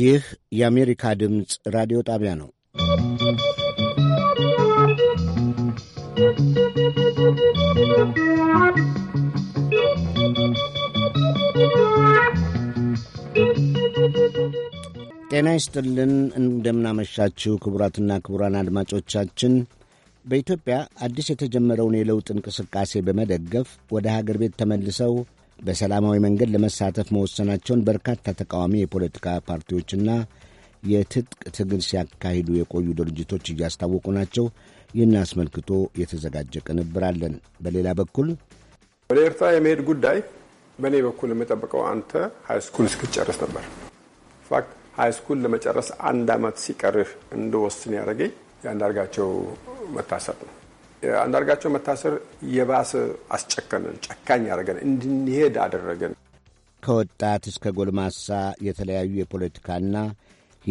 ይህ የአሜሪካ ድምፅ ራዲዮ ጣቢያ ነው። ጤና ይስጥልን። እንደምናመሻችሁ ክቡራትና ክቡራን አድማጮቻችን በኢትዮጵያ አዲስ የተጀመረውን የለውጥ እንቅስቃሴ በመደገፍ ወደ ሀገር ቤት ተመልሰው በሰላማዊ መንገድ ለመሳተፍ መወሰናቸውን በርካታ ተቃዋሚ የፖለቲካ ፓርቲዎችና የትጥቅ ትግል ሲያካሂዱ የቆዩ ድርጅቶች እያስታወቁ ናቸው። ይህን አስመልክቶ የተዘጋጀ ቅንብር አለን። በሌላ በኩል ወደ ኤርትራ የመሄድ ጉዳይ በእኔ በኩል የምጠብቀው አንተ ሃይስኩል እስክትጨርስ ነበር። ፋክት ሃይስኩል ለመጨረስ አንድ ዓመት ሲቀርህ እንደወስን ያደረገኝ የአንዳርጋቸው መታሰር ነው። አንዳርጋቸው መታሰር የባሰ አስጨከነን፣ ጨካኝ ያደረገን፣ እንድንሄድ አደረገን። ከወጣት እስከ ጎልማሳ የተለያዩ የፖለቲካና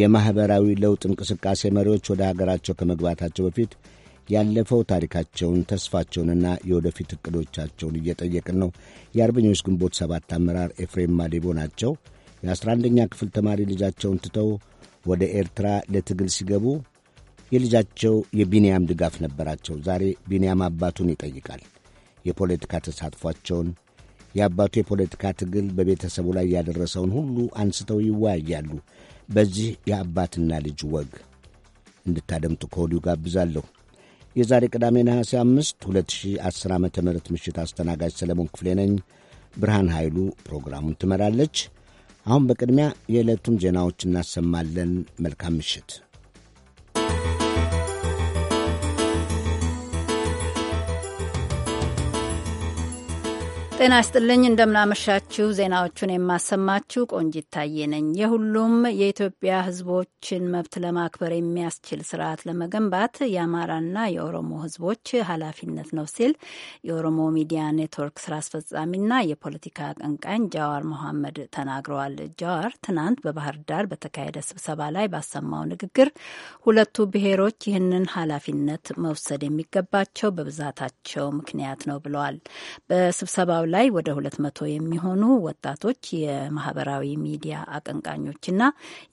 የማኅበራዊ ለውጥ እንቅስቃሴ መሪዎች ወደ ሀገራቸው ከመግባታቸው በፊት ያለፈው ታሪካቸውን ተስፋቸውንና የወደፊት እቅዶቻቸውን እየጠየቅን ነው። የአርበኞች ግንቦት ሰባት አመራር ኤፍሬም ማዴቦ ናቸው። የ11ኛ ክፍል ተማሪ ልጃቸውን ትተው ወደ ኤርትራ ለትግል ሲገቡ የልጃቸው የቢንያም ድጋፍ ነበራቸው። ዛሬ ቢንያም አባቱን ይጠይቃል። የፖለቲካ ተሳትፏቸውን፣ የአባቱ የፖለቲካ ትግል በቤተሰቡ ላይ ያደረሰውን ሁሉ አንስተው ይወያያሉ። በዚህ የአባትና ልጅ ወግ እንድታደምጡ ከወዲሁ ጋብዛለሁ። የዛሬ ቅዳሜ ነሐሴ አምስት 2010 ዓ ም ምሽት አስተናጋጅ ሰለሞን ክፍሌ ነኝ። ብርሃን ኃይሉ ፕሮግራሙን ትመራለች። አሁን በቅድሚያ የዕለቱን ዜናዎች እናሰማለን። መልካም ምሽት። ጤና ይስጥልኝ እንደምናመሻችሁ። ዜናዎቹን የማሰማችሁ ቆንጂት ታዬ ነኝ። የሁሉም የኢትዮጵያ ሕዝቦችን መብት ለማክበር የሚያስችል ስርዓት ለመገንባት የአማራና የኦሮሞ ሕዝቦች ኃላፊነት ነው ሲል የኦሮሞ ሚዲያ ኔትወርክ ስራ አስፈጻሚና የፖለቲካ አቀንቃኝ ጃዋር መሐመድ ተናግረዋል። ጃዋር ትናንት በባህር ዳር በተካሄደ ስብሰባ ላይ ባሰማው ንግግር ሁለቱ ብሔሮች ይህንን ኃላፊነት መውሰድ የሚገባቸው በብዛታቸው ምክንያት ነው ብለዋል። በስብሰባው ላይ ወደ ሁለት መቶ የሚሆኑ ወጣቶች የማህበራዊ ሚዲያ አቀንቃኞችና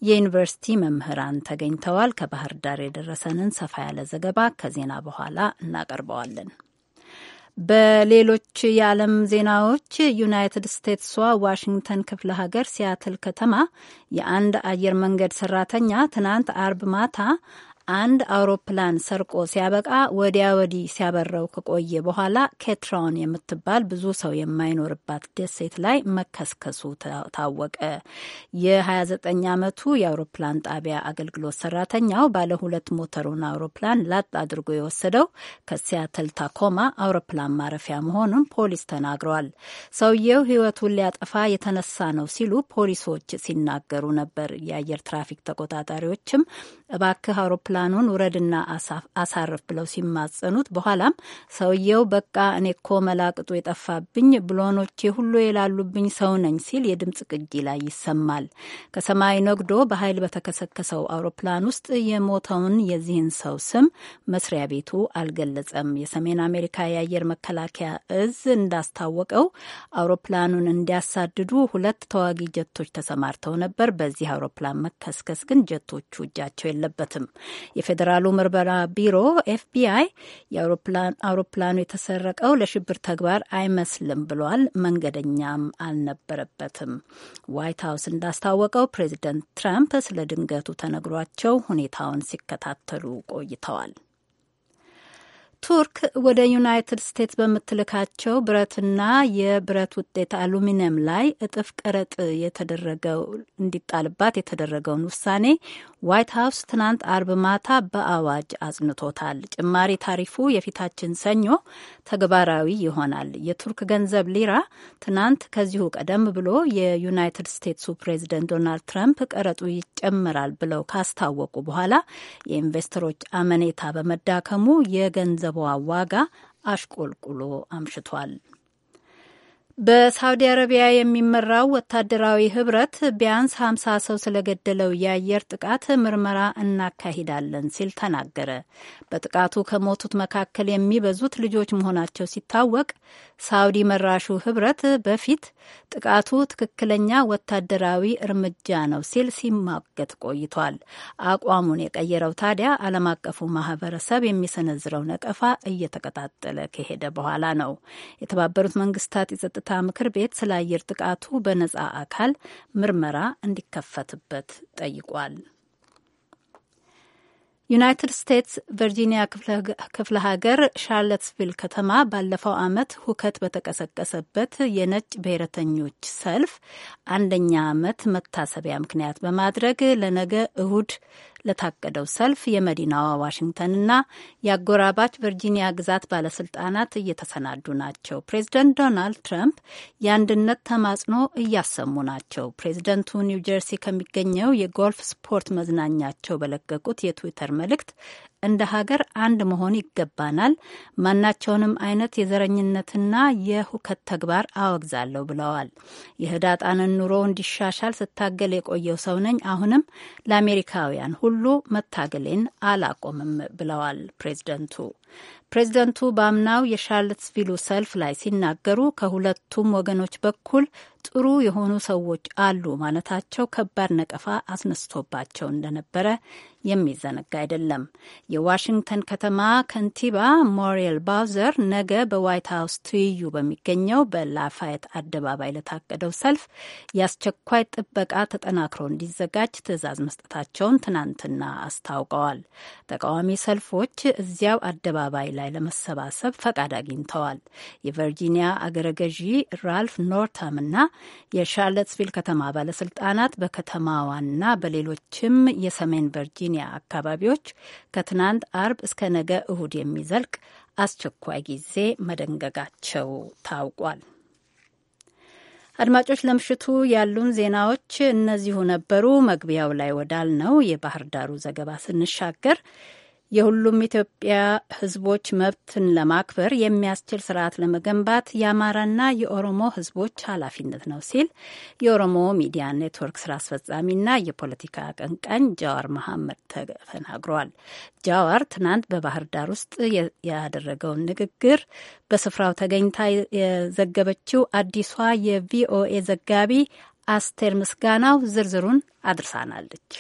የዩኒቨርሲቲ መምህራን ተገኝተዋል። ከባህር ዳር የደረሰንን ሰፋ ያለ ዘገባ ከዜና በኋላ እናቀርበዋለን። በሌሎች የዓለም ዜናዎች ዩናይትድ ስቴትሷ ዋሽንግተን ክፍለ ሀገር ሲያትል ከተማ የአንድ አየር መንገድ ሰራተኛ ትናንት አርብ ማታ አንድ አውሮፕላን ሰርቆ ሲያበቃ ወዲያ ወዲህ ሲያበረው ከቆየ በኋላ ኬትራውን የምትባል ብዙ ሰው የማይኖርባት ደሴት ላይ መከስከሱ ታወቀ። የ29 ዓመቱ የአውሮፕላን ጣቢያ አገልግሎት ሰራተኛው ባለ ሁለት ሞተሩን አውሮፕላን ላጥ አድርጎ የወሰደው ከሲያትል ታኮማ አውሮፕላን ማረፊያ መሆኑን ፖሊስ ተናግረዋል። ሰውየው ሕይወቱን ሊያጠፋ የተነሳ ነው ሲሉ ፖሊሶች ሲናገሩ ነበር። የአየር ትራፊክ ተቆጣጣሪዎችም እባክህ አውሮፕላን አውሮፕላኑን ውረድና አሳርፍ ብለው ሲማጸኑት በኋላም ሰውየው በቃ እኔ እኮ መላቅጡ የጠፋብኝ ብሎኖቼ ሁሉ የላሉብኝ ሰው ነኝ ሲል የድምፅ ቅጂ ላይ ይሰማል። ከሰማይ ነግዶ በኃይል በተከሰከሰው አውሮፕላን ውስጥ የሞተውን የዚህን ሰው ስም መስሪያ ቤቱ አልገለጸም። የሰሜን አሜሪካ የአየር መከላከያ እዝ እንዳስታወቀው አውሮፕላኑን እንዲያሳድዱ ሁለት ተዋጊ ጀቶች ተሰማርተው ነበር። በዚህ አውሮፕላን መከስከስ ግን ጀቶቹ እጃቸው የለበትም። የፌዴራሉ ምርመራ ቢሮ ኤፍቢአይ አውሮፕላኑ የተሰረቀው ለሽብር ተግባር አይመስልም ብሏል። መንገደኛም አልነበረበትም። ዋይት ሀውስ እንዳስታወቀው ፕሬዚደንት ትራምፕ ስለ ድንገቱ ተነግሯቸው ሁኔታውን ሲከታተሉ ቆይተዋል። ቱርክ ወደ ዩናይትድ ስቴትስ በምትልካቸው ብረትና የብረት ውጤት አሉሚኒየም ላይ እጥፍ ቀረጥ የተደረገው እንዲጣልባት የተደረገውን ውሳኔ ዋይት ሀውስ ትናንት አርብ ማታ በአዋጅ አጽንቶታል። ጭማሪ ታሪፉ የፊታችን ሰኞ ተግባራዊ ይሆናል። የቱርክ ገንዘብ ሊራ ትናንት ከዚሁ ቀደም ብሎ የዩናይትድ ስቴትሱ ፕሬዚደንት ዶናልድ ትራምፕ ቀረጡ ይጨምራል ብለው ካስታወቁ በኋላ የኢንቨስተሮች አመኔታ በመዳከሙ የገንዘብ የገንዘቧ ዋጋ አሽቆልቁሎ አምሽቷል። በሳውዲ አረቢያ የሚመራው ወታደራዊ ህብረት ቢያንስ ሀምሳ ሰው ስለገደለው የአየር ጥቃት ምርመራ እናካሂዳለን ሲል ተናገረ። በጥቃቱ ከሞቱት መካከል የሚበዙት ልጆች መሆናቸው ሲታወቅ ሳውዲ መራሹ ህብረት በፊት ጥቃቱ ትክክለኛ ወታደራዊ እርምጃ ነው ሲል ሲማገት ቆይቷል። አቋሙን የቀየረው ታዲያ ዓለም አቀፉ ማህበረሰብ የሚሰነዝረው ነቀፋ እየተቀጣጠለ ከሄደ በኋላ ነው። የተባበሩት መንግስታት የጸጥታ የጸጥታ ምክር ቤት ስለ አየር ጥቃቱ በነጻ አካል ምርመራ እንዲከፈትበት ጠይቋል። ዩናይትድ ስቴትስ ቨርጂኒያ ክፍለ ሀገር ሻርለትስቪል ከተማ ባለፈው ዓመት ሁከት በተቀሰቀሰበት የነጭ ብሔረተኞች ሰልፍ አንደኛ ዓመት መታሰቢያ ምክንያት በማድረግ ለነገ እሁድ ለታቀደው ሰልፍ የመዲናዋ ዋሽንግተንና የአጎራባች ቨርጂኒያ ግዛት ባለስልጣናት እየተሰናዱ ናቸው። ፕሬዚደንት ዶናልድ ትራምፕ የአንድነት ተማጽኖ እያሰሙ ናቸው። ፕሬዚደንቱ ኒውጀርሲ ከሚገኘው የጎልፍ ስፖርት መዝናኛቸው በለቀቁት የትዊተር መልእክት እንደ ሀገር አንድ መሆን ይገባናል። ማናቸውንም አይነት የዘረኝነትና የሁከት ተግባር አወግዛለሁ ብለዋል። የህዳጣንን ኑሮ እንዲሻሻል ስታገል የቆየው ሰው ነኝ። አሁንም ለአሜሪካውያን ሁሉ መታገሌን አላቆምም ብለዋል ፕሬዚደንቱ። ፕሬዚደንቱ በአምናው የሻርልትስቪሉ ሰልፍ ላይ ሲናገሩ ከሁለቱም ወገኖች በኩል ጥሩ የሆኑ ሰዎች አሉ ማለታቸው ከባድ ነቀፋ አስነስቶባቸው እንደነበረ የሚዘነጋ አይደለም። የዋሽንግተን ከተማ ከንቲባ ሞሪል ባውዘር ነገ በዋይት ሀውስ ትይዩ በሚገኘው በላፋየት አደባባይ ለታቀደው ሰልፍ የአስቸኳይ ጥበቃ ተጠናክሮ እንዲዘጋጅ ትዕዛዝ መስጠታቸውን ትናንትና አስታውቀዋል። ተቃዋሚ ሰልፎች እዚያው አደባባይ አደባባይ ላይ ለመሰባሰብ ፈቃድ አግኝተዋል። የቨርጂኒያ አገረ ገዢ ራልፍ ኖርተምና የሻርለትስቪል ከተማ ባለስልጣናት በከተማዋና በሌሎችም የሰሜን ቨርጂኒያ አካባቢዎች ከትናንት አርብ እስከ ነገ እሁድ የሚዘልቅ አስቸኳይ ጊዜ መደንገጋቸው ታውቋል። አድማጮች ለምሽቱ ያሉን ዜናዎች እነዚሁ ነበሩ። መግቢያው ላይ ወዳል ነው የባህር ዳሩ ዘገባ ስንሻገር የሁሉም ኢትዮጵያ ህዝቦች መብትን ለማክበር የሚያስችል ስርዓት ለመገንባት የአማራና የኦሮሞ ህዝቦች ኃላፊነት ነው ሲል የኦሮሞ ሚዲያ ኔትወርክ ስራ አስፈጻሚና የፖለቲካ አቀንቃኝ ጃዋር መሐመድ ተናግሯል። ጃዋር ትናንት በባህር ዳር ውስጥ ያደረገውን ንግግር በስፍራው ተገኝታ የዘገበችው አዲሷ የቪኦኤ ዘጋቢ አስቴር ምስጋናው ዝርዝሩን አድርሳናለች።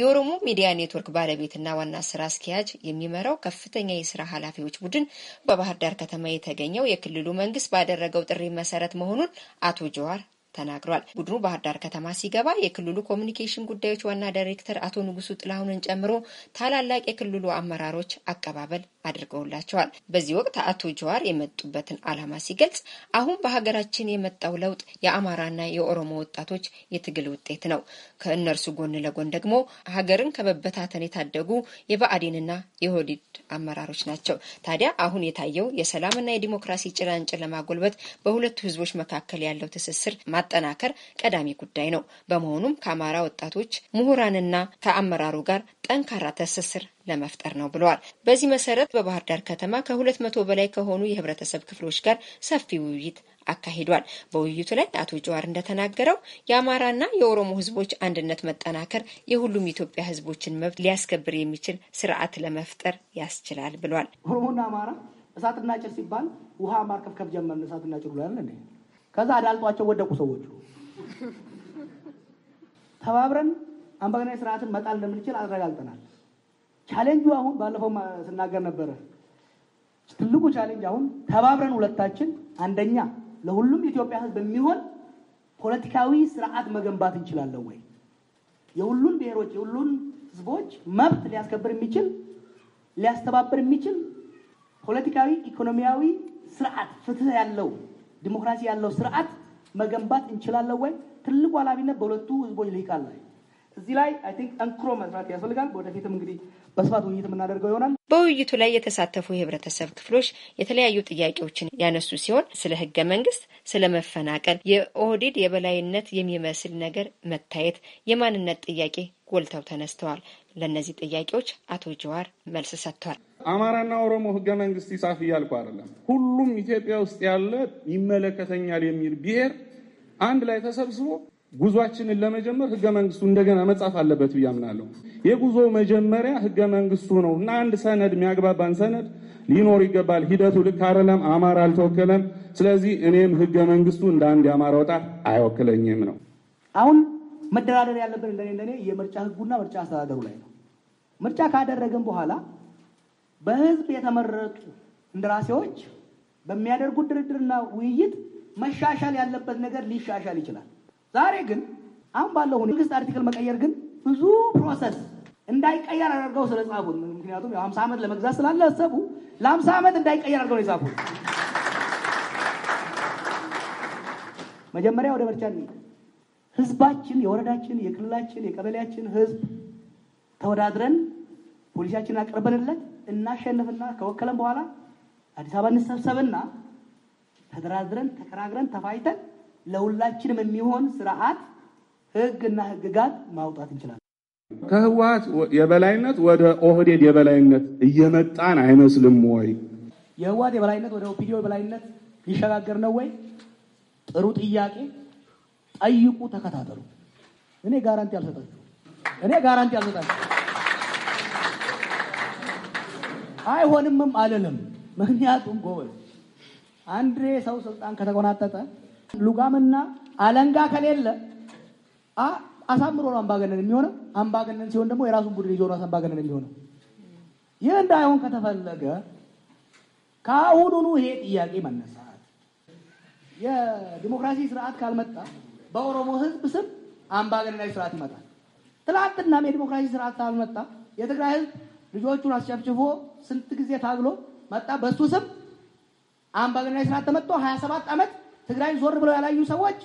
የኦሮሞ ሚዲያ ኔትወርክ ባለቤትና ዋና ስራ አስኪያጅ የሚመራው ከፍተኛ የስራ ኃላፊዎች ቡድን በባህር ዳር ከተማ የተገኘው የክልሉ መንግስት ባደረገው ጥሪ መሰረት መሆኑን አቶ ጀዋር ተናግሯል። ቡድኑ ባህር ዳር ከተማ ሲገባ የክልሉ ኮሚኒኬሽን ጉዳዮች ዋና ዳይሬክተር አቶ ንጉሱ ጥላሁንን ጨምሮ ታላላቅ የክልሉ አመራሮች አቀባበል አድርገውላቸዋል። በዚህ ወቅት አቶ ጀዋር የመጡበትን ዓላማ ሲገልጽ አሁን በሀገራችን የመጣው ለውጥ የአማራና የኦሮሞ ወጣቶች የትግል ውጤት ነው። ከእነርሱ ጎን ለጎን ደግሞ ሀገርን ከመበታተን የታደጉ የብአዴንና የሆዲድ አመራሮች ናቸው። ታዲያ አሁን የታየው የሰላምና የዲሞክራሲ ጭላንጭል ለማጎልበት በሁለቱ ህዝቦች መካከል ያለው ትስስር ማጠናከር ቀዳሚ ጉዳይ ነው። በመሆኑም ከአማራ ወጣቶች ምሁራንና ከአመራሩ ጋር ጠንካራ ትስስር ለመፍጠር ነው ብለዋል። በዚህ መሰረት በባህር ዳር ከተማ ከሁለት መቶ በላይ ከሆኑ የህብረተሰብ ክፍሎች ጋር ሰፊ ውይይት አካሂዷል። በውይይቱ ላይ አቶ ጀዋር እንደተናገረው የአማራና የኦሮሞ ህዝቦች አንድነት መጠናከር የሁሉም ኢትዮጵያ ህዝቦችን መብት ሊያስከብር የሚችል ስርዓት ለመፍጠር ያስችላል ብሏል። ኦሮሞና አማራ እሳትና ጭር ሲባል ውሃ ማርከብከብ ጀመርን። እሳትና ጭር ብሏል። ከዛ አዳልጧቸው ወደቁ ሰዎቹ። ተባብረን አምባገነን ስርዓትን መጣል እንደምንችል አረጋግጠናል። ቻሌንጁ አሁን ባለፈው ስናገር ነበረ። ትልቁ ቻሌንጅ አሁን ተባብረን ሁለታችን፣ አንደኛ ለሁሉም የኢትዮጵያ ሕዝብ የሚሆን ፖለቲካዊ ስርዓት መገንባት እንችላለን ወይ? የሁሉን ብሔሮች የሁሉን ሕዝቦች መብት ሊያስከብር የሚችል ሊያስተባብር የሚችል ፖለቲካዊ፣ ኢኮኖሚያዊ ስርዓት ፍትህ ያለው ዲሞክራሲ ያለው ስርዓት መገንባት እንችላለን ወይ? ትልቁ ኃላፊነት በሁለቱ ሕዝቦች ልሂቃል ላይ እዚህ ላይ አይ ቲንክ ጠንክሮ መስራት ያስፈልጋል። ወደፊትም እንግዲህ በስፋት ውይይት የምናደርገው ይሆናል። በውይይቱ ላይ የተሳተፉ የህብረተሰብ ክፍሎች የተለያዩ ጥያቄዎችን ያነሱ ሲሆን ስለ ህገ መንግስት፣ ስለ መፈናቀል፣ የኦህዴድ የበላይነት የሚመስል ነገር መታየት፣ የማንነት ጥያቄ ጎልተው ተነስተዋል። ለእነዚህ ጥያቄዎች አቶ ጀዋር መልስ ሰጥቷል። አማራና ኦሮሞ ህገ መንግስት ይጻፍ እያልኩ አይደለም። ሁሉም ኢትዮጵያ ውስጥ ያለ ይመለከተኛል የሚል ብሔር አንድ ላይ ተሰብስቦ ጉዟችንን ለመጀመር ህገ መንግስቱ እንደገና መጻፍ አለበት ብዬ አምናለሁ። የጉዞ መጀመሪያ ህገ መንግስቱ ነው እና አንድ ሰነድ የሚያግባባን ሰነድ ሊኖር ይገባል። ሂደቱ ልክ አይደለም፣ አማራ አልተወከለም። ስለዚህ እኔም ህገ መንግስቱ እንደ አንድ የአማራ ወጣት አይወክለኝም ነው። አሁን መደራደር ያለብን ለኔ ለኔ የምርጫ ህጉና ምርጫ አስተዳደሩ ላይ ነው። ምርጫ ካደረግን በኋላ በህዝብ የተመረጡ እንደራሴዎች በሚያደርጉት ድርድርና ውይይት መሻሻል ያለበት ነገር ሊሻሻል ይችላል። ዛሬ ግን አሁን ባለው ሁኔታ መንግስት አርቲክል መቀየር ግን ብዙ ፕሮሰስ እንዳይቀየር አድርገው ስለጻፉ ምክንያቱም ሀምሳ ዓመት ለመግዛት ስላለሰቡ ለሀምሳ ዓመት እንዳይቀየር አድርገው የጻፉ መጀመሪያ ወደ ምርጫ ህዝባችን፣ የወረዳችን፣ የክልላችን፣ የቀበሌያችን ህዝብ ተወዳድረን ፖሊሲያችንን አቅርበንለት እናሸንፍና ከወከለን በኋላ አዲስ አበባ እንሰብሰብና ተደራድረን ተከራግረን ተፋይተን ለሁላችንም የሚሆን ስርዓት ህግና ህግጋት ማውጣት እንችላለን። ከህወሀት የበላይነት ወደ ኦህዴድ የበላይነት እየመጣን አይመስልም ወይ? የህወሀት የበላይነት ወደ ኦፒዲዮ የበላይነት ሊሸጋገር ነው ወይ? ጥሩ ጥያቄ። ጠይቁ፣ ተከታተሉ። እኔ ጋራንቲ አልሰጣችሁ እኔ ጋራንቲ አልሰጣችሁ አይሆንምም አልልም። ምክንያቱም ጎበዝ አንድ ሰው ስልጣን ከተቆናጠጠ ሉጋምና አለንጋ ከሌለ አሳምሮ ነው አምባገነን የሚሆነው። አምባገነን ሲሆን ደግሞ የራሱን ቡድን ይዞ ነው አምባገነን የሚሆነው። ይህ እንዳይሆን ከተፈለገ ከአሁኑኑ ይሄ ጥያቄ መነሳት የዲሞክራሲ ስርዓት ካልመጣ በኦሮሞ ህዝብ ስም አምባገነናዊ ስርዓት ይመጣል። ትላንትናም የዲሞክራሲ ስርዓት ካልመጣ የትግራይ ህዝብ ልጆቹን አስጨፍጭፎ ስንት ጊዜ ታግሎ መጣ። በሱ ስም አምባገነናዊ ስርዓት ተመጥቶ 27 ዓመት ትግራይ ዞር ብለው ያላዩ ሰዎች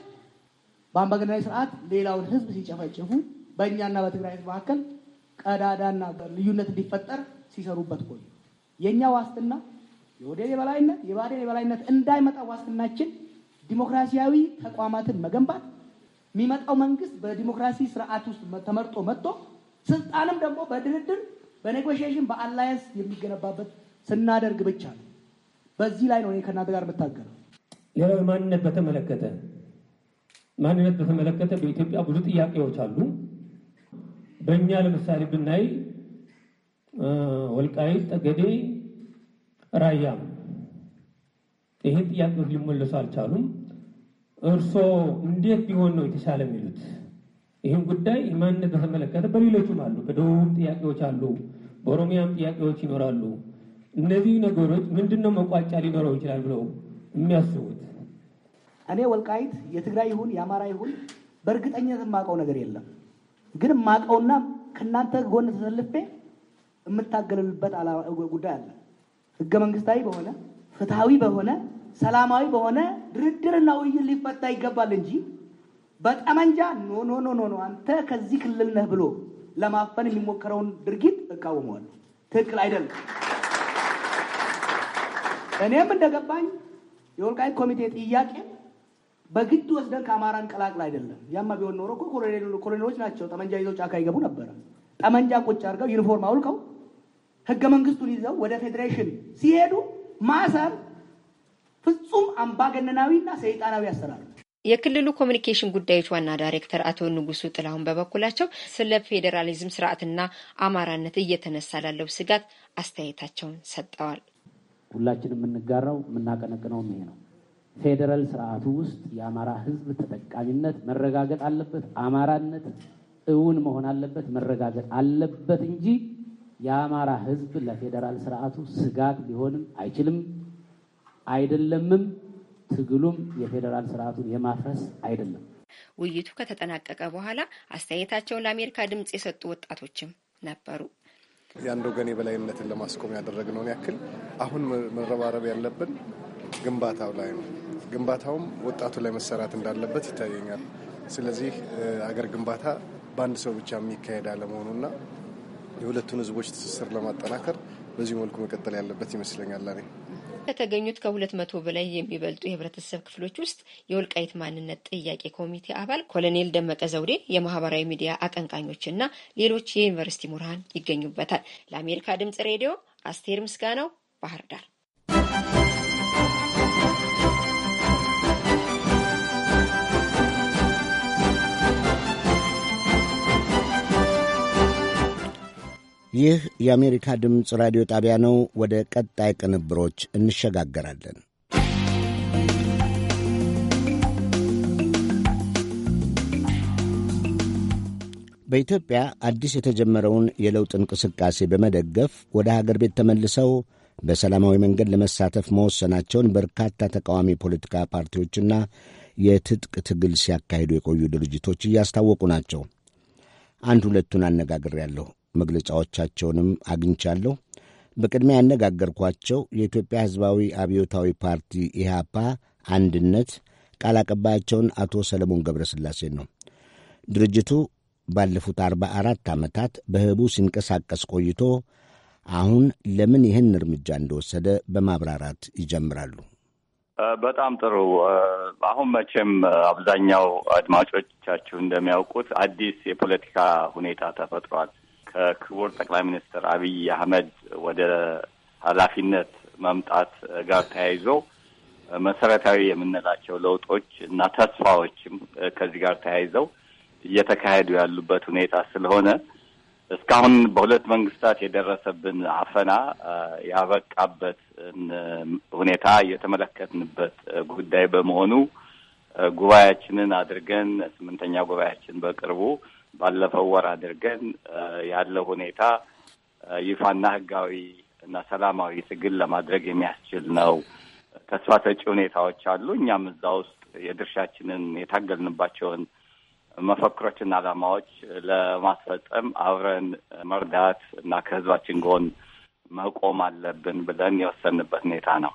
በአምባገነናዊ ስርዓት ሌላውን ህዝብ ሲጨፈጭፉ በእኛና በትግራይ ህዝብ መካከል ቀዳዳና ልዩነት እንዲፈጠር ሲሰሩበት ቆዩ። የእኛ ዋስትና የወደድ የበላይነት የባዴን የበላይነት እንዳይመጣ ዋስትናችን ዲሞክራሲያዊ ተቋማትን መገንባት የሚመጣው መንግስት በዲሞክራሲ ስርዓት ውስጥ ተመርጦ መጥቶ ስልጣንም ደግሞ በድርድር በኔጎሽሽን በአላያንስ የሚገነባበት ስናደርግ ብቻ ነው። በዚህ ላይ ነው እኔ ከእናንተ ጋር የምታገለው። ሌላው ማንነት በተመለከተ ማንነት በተመለከተ በኢትዮጵያ ብዙ ጥያቄዎች አሉ። በእኛ ለምሳሌ ብናይ ወልቃይት፣ ጠገዴ፣ ራያ ይህን ጥያቄዎች ሊመለሱ አልቻሉም። እርሶ እንዴት ቢሆን ነው የተሻለ የሚሉት? ይህም ጉዳይ ማንነት በተመለከተ በሌሎችም አሉ። በደቡብ ጥያቄዎች አሉ፣ በኦሮሚያም ጥያቄዎች ይኖራሉ። እነዚህ ነገሮች ምንድነው መቋጫ ሊኖረው ይችላል ብለው የሚያስቡት። እኔ ወልቃይት የትግራይ ይሁን የአማራ ይሁን በእርግጠኝነት የማውቀው ነገር የለም። ግን የማውቀውና ከእናንተ ጎን ተሰልፌ የምታገልልበት ጉዳይ አለ። ህገ መንግስታዊ በሆነ ፍትሐዊ በሆነ ሰላማዊ በሆነ ድርድርና ውይይት ሊፈታ ይገባል እንጂ በጠመንጃ ኖ ኖ ኖ ኖ አንተ ከዚህ ክልል ነህ ብሎ ለማፈን የሚሞከረውን ድርጊት እቃወመዋለሁ። ትክክል አይደለም። እኔም እንደገባኝ የወልቃይት ኮሚቴ ጥያቄ በግድ ወስደን ከአማራ እንቀላቅል አይደለም። ያማ ቢሆን ኖሮ እኮ ኮሎኔሎች ናቸው ጠመንጃ ይዘው ጫካ ይገቡ ነበረ። ጠመንጃ ቁጭ አድርገው ዩኒፎርም አውልቀው ህገ መንግስቱን ይዘው ወደ ፌዴሬሽን ሲሄዱ ማሰር ፍጹም አምባገነናዊና ሰይጣናዊ አሰራር። የክልሉ ኮሚኒኬሽን ጉዳዮች ዋና ዳይሬክተር አቶ ንጉሱ ጥላሁን በበኩላቸው ስለ ፌዴራሊዝም ስርዓትና አማራነት እየተነሳ ላለው ስጋት አስተያየታቸውን ሰጠዋል። ሁላችን የምንጋራው የምናቀነቅነው ይሄ ነው። ፌዴራል ስርዓቱ ውስጥ የአማራ ህዝብ ተጠቃሚነት መረጋገጥ አለበት። አማራነት እውን መሆን አለበት፣ መረጋገጥ አለበት እንጂ የአማራ ህዝብ ለፌዴራል ስርዓቱ ስጋት ሊሆንም አይችልም አይደለምም። ትግሉም የፌዴራል ስርዓቱን የማፍረስ አይደለም። ውይይቱ ከተጠናቀቀ በኋላ አስተያየታቸውን ለአሜሪካ ድምፅ የሰጡ ወጣቶችም ነበሩ። የአንድ ወገን የበላይነትን ለማስቆም ያደረግነውን ያክል አሁን መረባረብ ያለብን ግንባታው ላይ ነው። ግንባታውም ወጣቱ ላይ መሰራት እንዳለበት ይታየኛል። ስለዚህ አገር ግንባታ በአንድ ሰው ብቻ የሚካሄድ አለመሆኑና የሁለቱን ህዝቦች ትስስር ለማጠናከር በዚህ መልኩ መቀጠል ያለበት ይመስለኛል እኔ ከተገኙት ከሁለት መቶ በላይ የሚበልጡ የህብረተሰብ ክፍሎች ውስጥ የወልቃይት ማንነት ጥያቄ ኮሚቴ አባል ኮሎኔል ደመቀ ዘውዴ፣ የማህበራዊ ሚዲያ አቀንቃኞች ና ሌሎች የዩኒቨርሲቲ ምሁራን ይገኙበታል። ለአሜሪካ ድምጽ ሬዲዮ አስቴር ምስጋናው ባህር ዳር። ይህ የአሜሪካ ድምፅ ራዲዮ ጣቢያ ነው። ወደ ቀጣይ ቅንብሮች እንሸጋገራለን። በኢትዮጵያ አዲስ የተጀመረውን የለውጥ እንቅስቃሴ በመደገፍ ወደ ሀገር ቤት ተመልሰው በሰላማዊ መንገድ ለመሳተፍ መወሰናቸውን በርካታ ተቃዋሚ ፖለቲካ ፓርቲዎችና የትጥቅ ትግል ሲያካሂዱ የቆዩ ድርጅቶች እያስታወቁ ናቸው። አንድ ሁለቱን አነጋግሬያለሁ። መግለጫዎቻቸውንም አግኝቻለሁ። በቅድሚያ ያነጋገርኳቸው የኢትዮጵያ ሕዝባዊ አብዮታዊ ፓርቲ ኢህአፓ አንድነት ቃል አቀባያቸውን አቶ ሰለሞን ገብረስላሴን ነው። ድርጅቱ ባለፉት አርባ አራት ዓመታት በህቡ ሲንቀሳቀስ ቆይቶ አሁን ለምን ይህን እርምጃ እንደወሰደ በማብራራት ይጀምራሉ። በጣም ጥሩ። አሁን መቼም አብዛኛው አድማጮቻችሁ እንደሚያውቁት አዲስ የፖለቲካ ሁኔታ ተፈጥሯል። ከክቡር ጠቅላይ ሚኒስትር አብይ አህመድ ወደ ኃላፊነት መምጣት ጋር ተያይዞ መሰረታዊ የምንላቸው ለውጦች እና ተስፋዎችም ከዚህ ጋር ተያይዘው እየተካሄዱ ያሉበት ሁኔታ ስለሆነ እስካሁን በሁለት መንግስታት የደረሰብን አፈና ያበቃበት ሁኔታ እየተመለከትንበት ጉዳይ በመሆኑ ጉባኤያችንን አድርገን ስምንተኛ ጉባኤያችን በቅርቡ ባለፈው ወር አድርገን ያለው ሁኔታ ይፋና ህጋዊ እና ሰላማዊ ትግል ለማድረግ የሚያስችል ነው። ተስፋ ሰጪ ሁኔታዎች አሉ። እኛም እዛ ውስጥ የድርሻችንን የታገልንባቸውን መፈክሮችና ዓላማዎች ለማስፈጸም አብረን መርዳት እና ከህዝባችን ጎን መቆም አለብን ብለን የወሰንበት ሁኔታ ነው።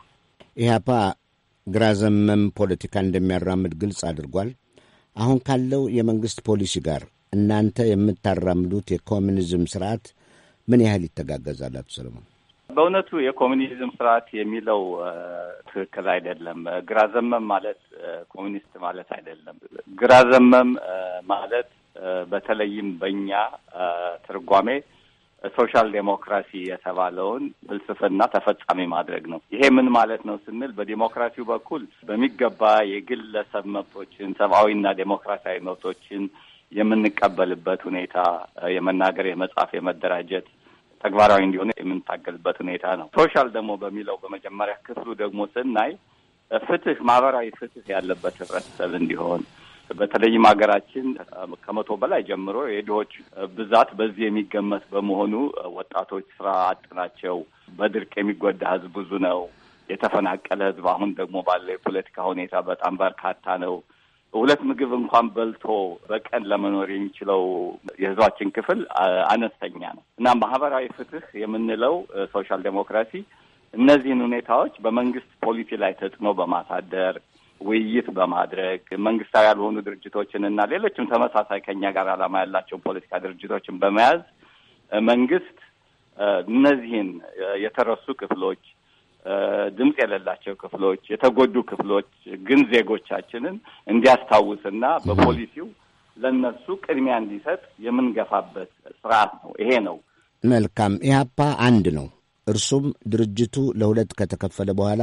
ኢህአፓ ግራ ዘመም ፖለቲካ እንደሚያራምድ ግልጽ አድርጓል። አሁን ካለው የመንግስት ፖሊሲ ጋር እናንተ የምታራምዱት የኮሚኒዝም ስርዓት ምን ያህል ይተጋገዛል? አቶ ሰለሞን። በእውነቱ የኮሚኒዝም ስርዓት የሚለው ትክክል አይደለም። ግራ ዘመም ማለት ኮሚኒስት ማለት አይደለም። ግራ ዘመም ማለት በተለይም በእኛ ትርጓሜ ሶሻል ዴሞክራሲ የተባለውን ፍልስፍና ተፈጻሚ ማድረግ ነው። ይሄ ምን ማለት ነው ስንል በዲሞክራሲው በኩል በሚገባ የግለሰብ መብቶችን፣ ሰብአዊና ዴሞክራሲያዊ መብቶችን የምንቀበልበት ሁኔታ የመናገር፣ የመጻፍ፣ የመደራጀት ተግባራዊ እንዲሆነ የምንታገልበት ሁኔታ ነው። ሶሻል ደግሞ በሚለው በመጀመሪያ ክፍሉ ደግሞ ስናይ ፍትህ፣ ማህበራዊ ፍትህ ያለበት ህብረተሰብ እንዲሆን በተለይም ሀገራችን ከመቶ በላይ ጀምሮ የድሆች ብዛት በዚህ የሚገመት በመሆኑ ወጣቶች ስራ አጥ ናቸው። በድርቅ የሚጎዳ ህዝብ ብዙ ነው። የተፈናቀለ ህዝብ አሁን ደግሞ ባለው የፖለቲካ ሁኔታ በጣም በርካታ ነው። ሁለት ምግብ እንኳን በልቶ በቀን ለመኖር የሚችለው የህዝባችን ክፍል አነስተኛ ነው እና ማህበራዊ ፍትህ የምንለው ሶሻል ዴሞክራሲ እነዚህን ሁኔታዎች በመንግስት ፖሊሲ ላይ ተጽዕኖ በማሳደር ውይይት በማድረግ መንግስታዊ ያልሆኑ ድርጅቶችን እና ሌሎችም ተመሳሳይ ከኛ ጋር ዓላማ ያላቸውን ፖለቲካ ድርጅቶችን በመያዝ መንግስት እነዚህን የተረሱ ክፍሎች ድምፅ የሌላቸው ክፍሎች፣ የተጎዱ ክፍሎች ግን ዜጎቻችንን እንዲያስታውስና በፖሊሲው ለነሱ ቅድሚያ እንዲሰጥ የምንገፋበት ስርዓት ነው። ይሄ ነው። መልካም። ኢህአፓ አንድ ነው። እርሱም ድርጅቱ ለሁለት ከተከፈለ በኋላ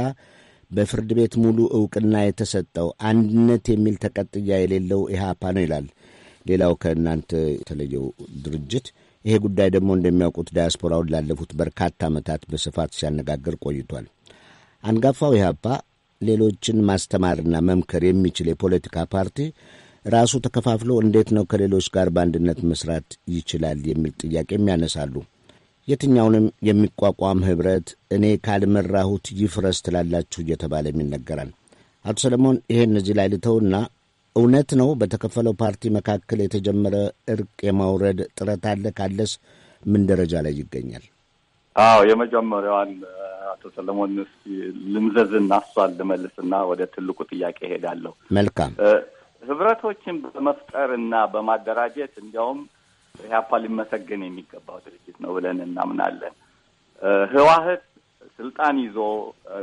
በፍርድ ቤት ሙሉ እውቅና የተሰጠው አንድነት የሚል ተቀጥያ የሌለው ኢህአፓ ነው ይላል። ሌላው ከእናንተ የተለየው ድርጅት ይሄ ጉዳይ ደግሞ እንደሚያውቁት ዳያስፖራውን ላለፉት በርካታ ዓመታት በስፋት ሲያነጋግር ቆይቷል። አንጋፋው ኢህአፓ ሌሎችን ማስተማርና መምከር የሚችል የፖለቲካ ፓርቲ ራሱ ተከፋፍሎ እንዴት ነው ከሌሎች ጋር በአንድነት መስራት ይችላል የሚል ጥያቄም ያነሳሉ። የትኛውንም የሚቋቋም ኅብረት እኔ ካልመራሁት ይፍረስ ትላላችሁ እየተባለም ይነገራል። አቶ ሰለሞን ይህን እዚህ ላይ ልተውና እውነት ነው በተከፈለው ፓርቲ መካከል የተጀመረ እርቅ የማውረድ ጥረት አለ? ካለስ ምን ደረጃ ላይ ይገኛል? አዎ የመጀመሪያዋን አቶ ሰለሞን እስኪ ልምዘዝና እሷን ልመልስና ወደ ትልቁ ጥያቄ ሄዳለሁ። መልካም ህብረቶችን በመፍጠር እና በማደራጀት እንዲያውም ኢህአፓ ሊመሰገን የሚገባው ድርጅት ነው ብለን እናምናለን። ህዋህት ስልጣን ይዞ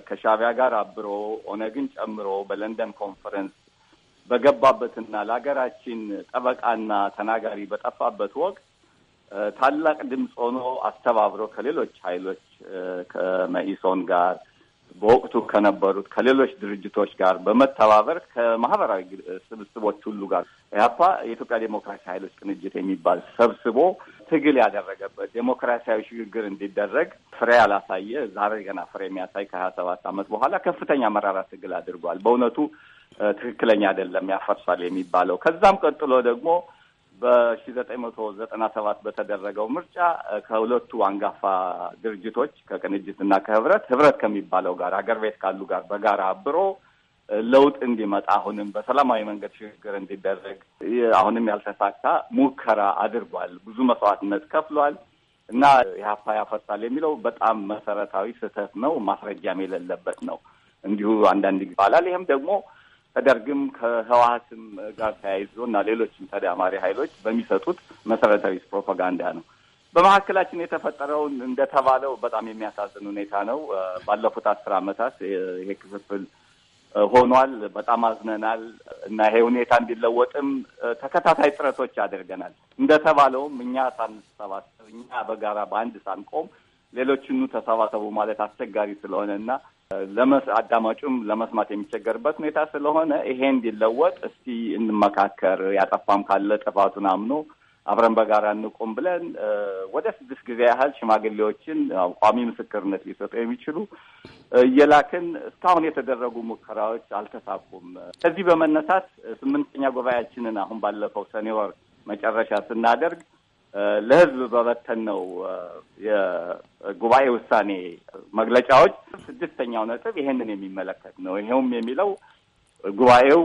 ከሻቢያ ጋር አብሮ ኦነግን ጨምሮ በለንደን ኮንፈረንስ በገባበትና ለሀገራችን ጠበቃና ተናጋሪ በጠፋበት ወቅት ታላቅ ድምፅ ሆኖ አስተባብሮ ከሌሎች ኃይሎች ከመኢሶን ጋር በወቅቱ ከነበሩት ከሌሎች ድርጅቶች ጋር በመተባበር ከማህበራዊ ስብስቦች ሁሉ ጋር ኢህአፓ የኢትዮጵያ ዴሞክራሲ ኃይሎች ቅንጅት የሚባል ሰብስቦ ትግል ያደረገበት ዴሞክራሲያዊ ሽግግር እንዲደረግ ፍሬ ያላሳየ ዛሬ ገና ፍሬ የሚያሳይ ከሀያ ሰባት ዓመት በኋላ ከፍተኛ መራራ ትግል አድርጓል። በእውነቱ ትክክለኛ አይደለም፣ ያፈርሳል የሚባለው ከዛም ቀጥሎ ደግሞ በሺ ዘጠኝ መቶ ዘጠና ሰባት በተደረገው ምርጫ ከሁለቱ አንጋፋ ድርጅቶች ከቅንጅትና ከህብረት ህብረት ከሚባለው ጋር አገር ቤት ካሉ ጋር በጋራ አብሮ ለውጥ እንዲመጣ አሁንም በሰላማዊ መንገድ ሽግግር እንዲደረግ አሁንም ያልተሳካ ሙከራ አድርጓል። ብዙ መስዋዕትነት ከፍሏል እና ኢህአፓ ያፈርሳል የሚለው በጣም መሰረታዊ ስህተት ነው። ማስረጃም የሌለበት ነው። እንዲሁ አንዳንድ ይባላል። ይህም ደግሞ ከደርግም ከህወሀትም ጋር ተያይዞ እና ሌሎችም ተዳማሪ ሀይሎች በሚሰጡት መሰረታዊ ፕሮፓጋንዳ ነው። በመካከላችን የተፈጠረውን እንደተባለው በጣም የሚያሳዝን ሁኔታ ነው። ባለፉት አስር ዓመታት ይሄ ክፍፍል ሆኗል። በጣም አዝነናል እና ይሄ ሁኔታ እንዲለወጥም ተከታታይ ጥረቶች አድርገናል። እንደተባለውም እኛ ሳንሰባሰብ፣ እኛ በጋራ በአንድ ሳንቆም ሌሎችኑ ተሰባሰቡ ማለት አስቸጋሪ ስለሆነ እና ለመስ አዳማጩም ለመስማት የሚቸገርበት ሁኔታ ስለሆነ ይሄ እንዲለወጥ እስቲ እንመካከር፣ ያጠፋም ካለ ጥፋቱን አምኖ አብረን በጋራ እንቁም ብለን ወደ ስድስት ጊዜ ያህል ሽማግሌዎችን ቋሚ ምስክርነት ሊሰጡ የሚችሉ እየላክን እስካሁን የተደረጉ ሙከራዎች አልተሳኩም። ከዚህ በመነሳት ስምንተኛ ጉባኤያችንን አሁን ባለፈው ሰኔ ወር መጨረሻ ስናደርግ ለህዝብ በበተን ነው የጉባኤ ውሳኔ መግለጫዎች ስድስተኛው ነጥብ ይሄንን የሚመለከት ነው። ይሄውም የሚለው ጉባኤው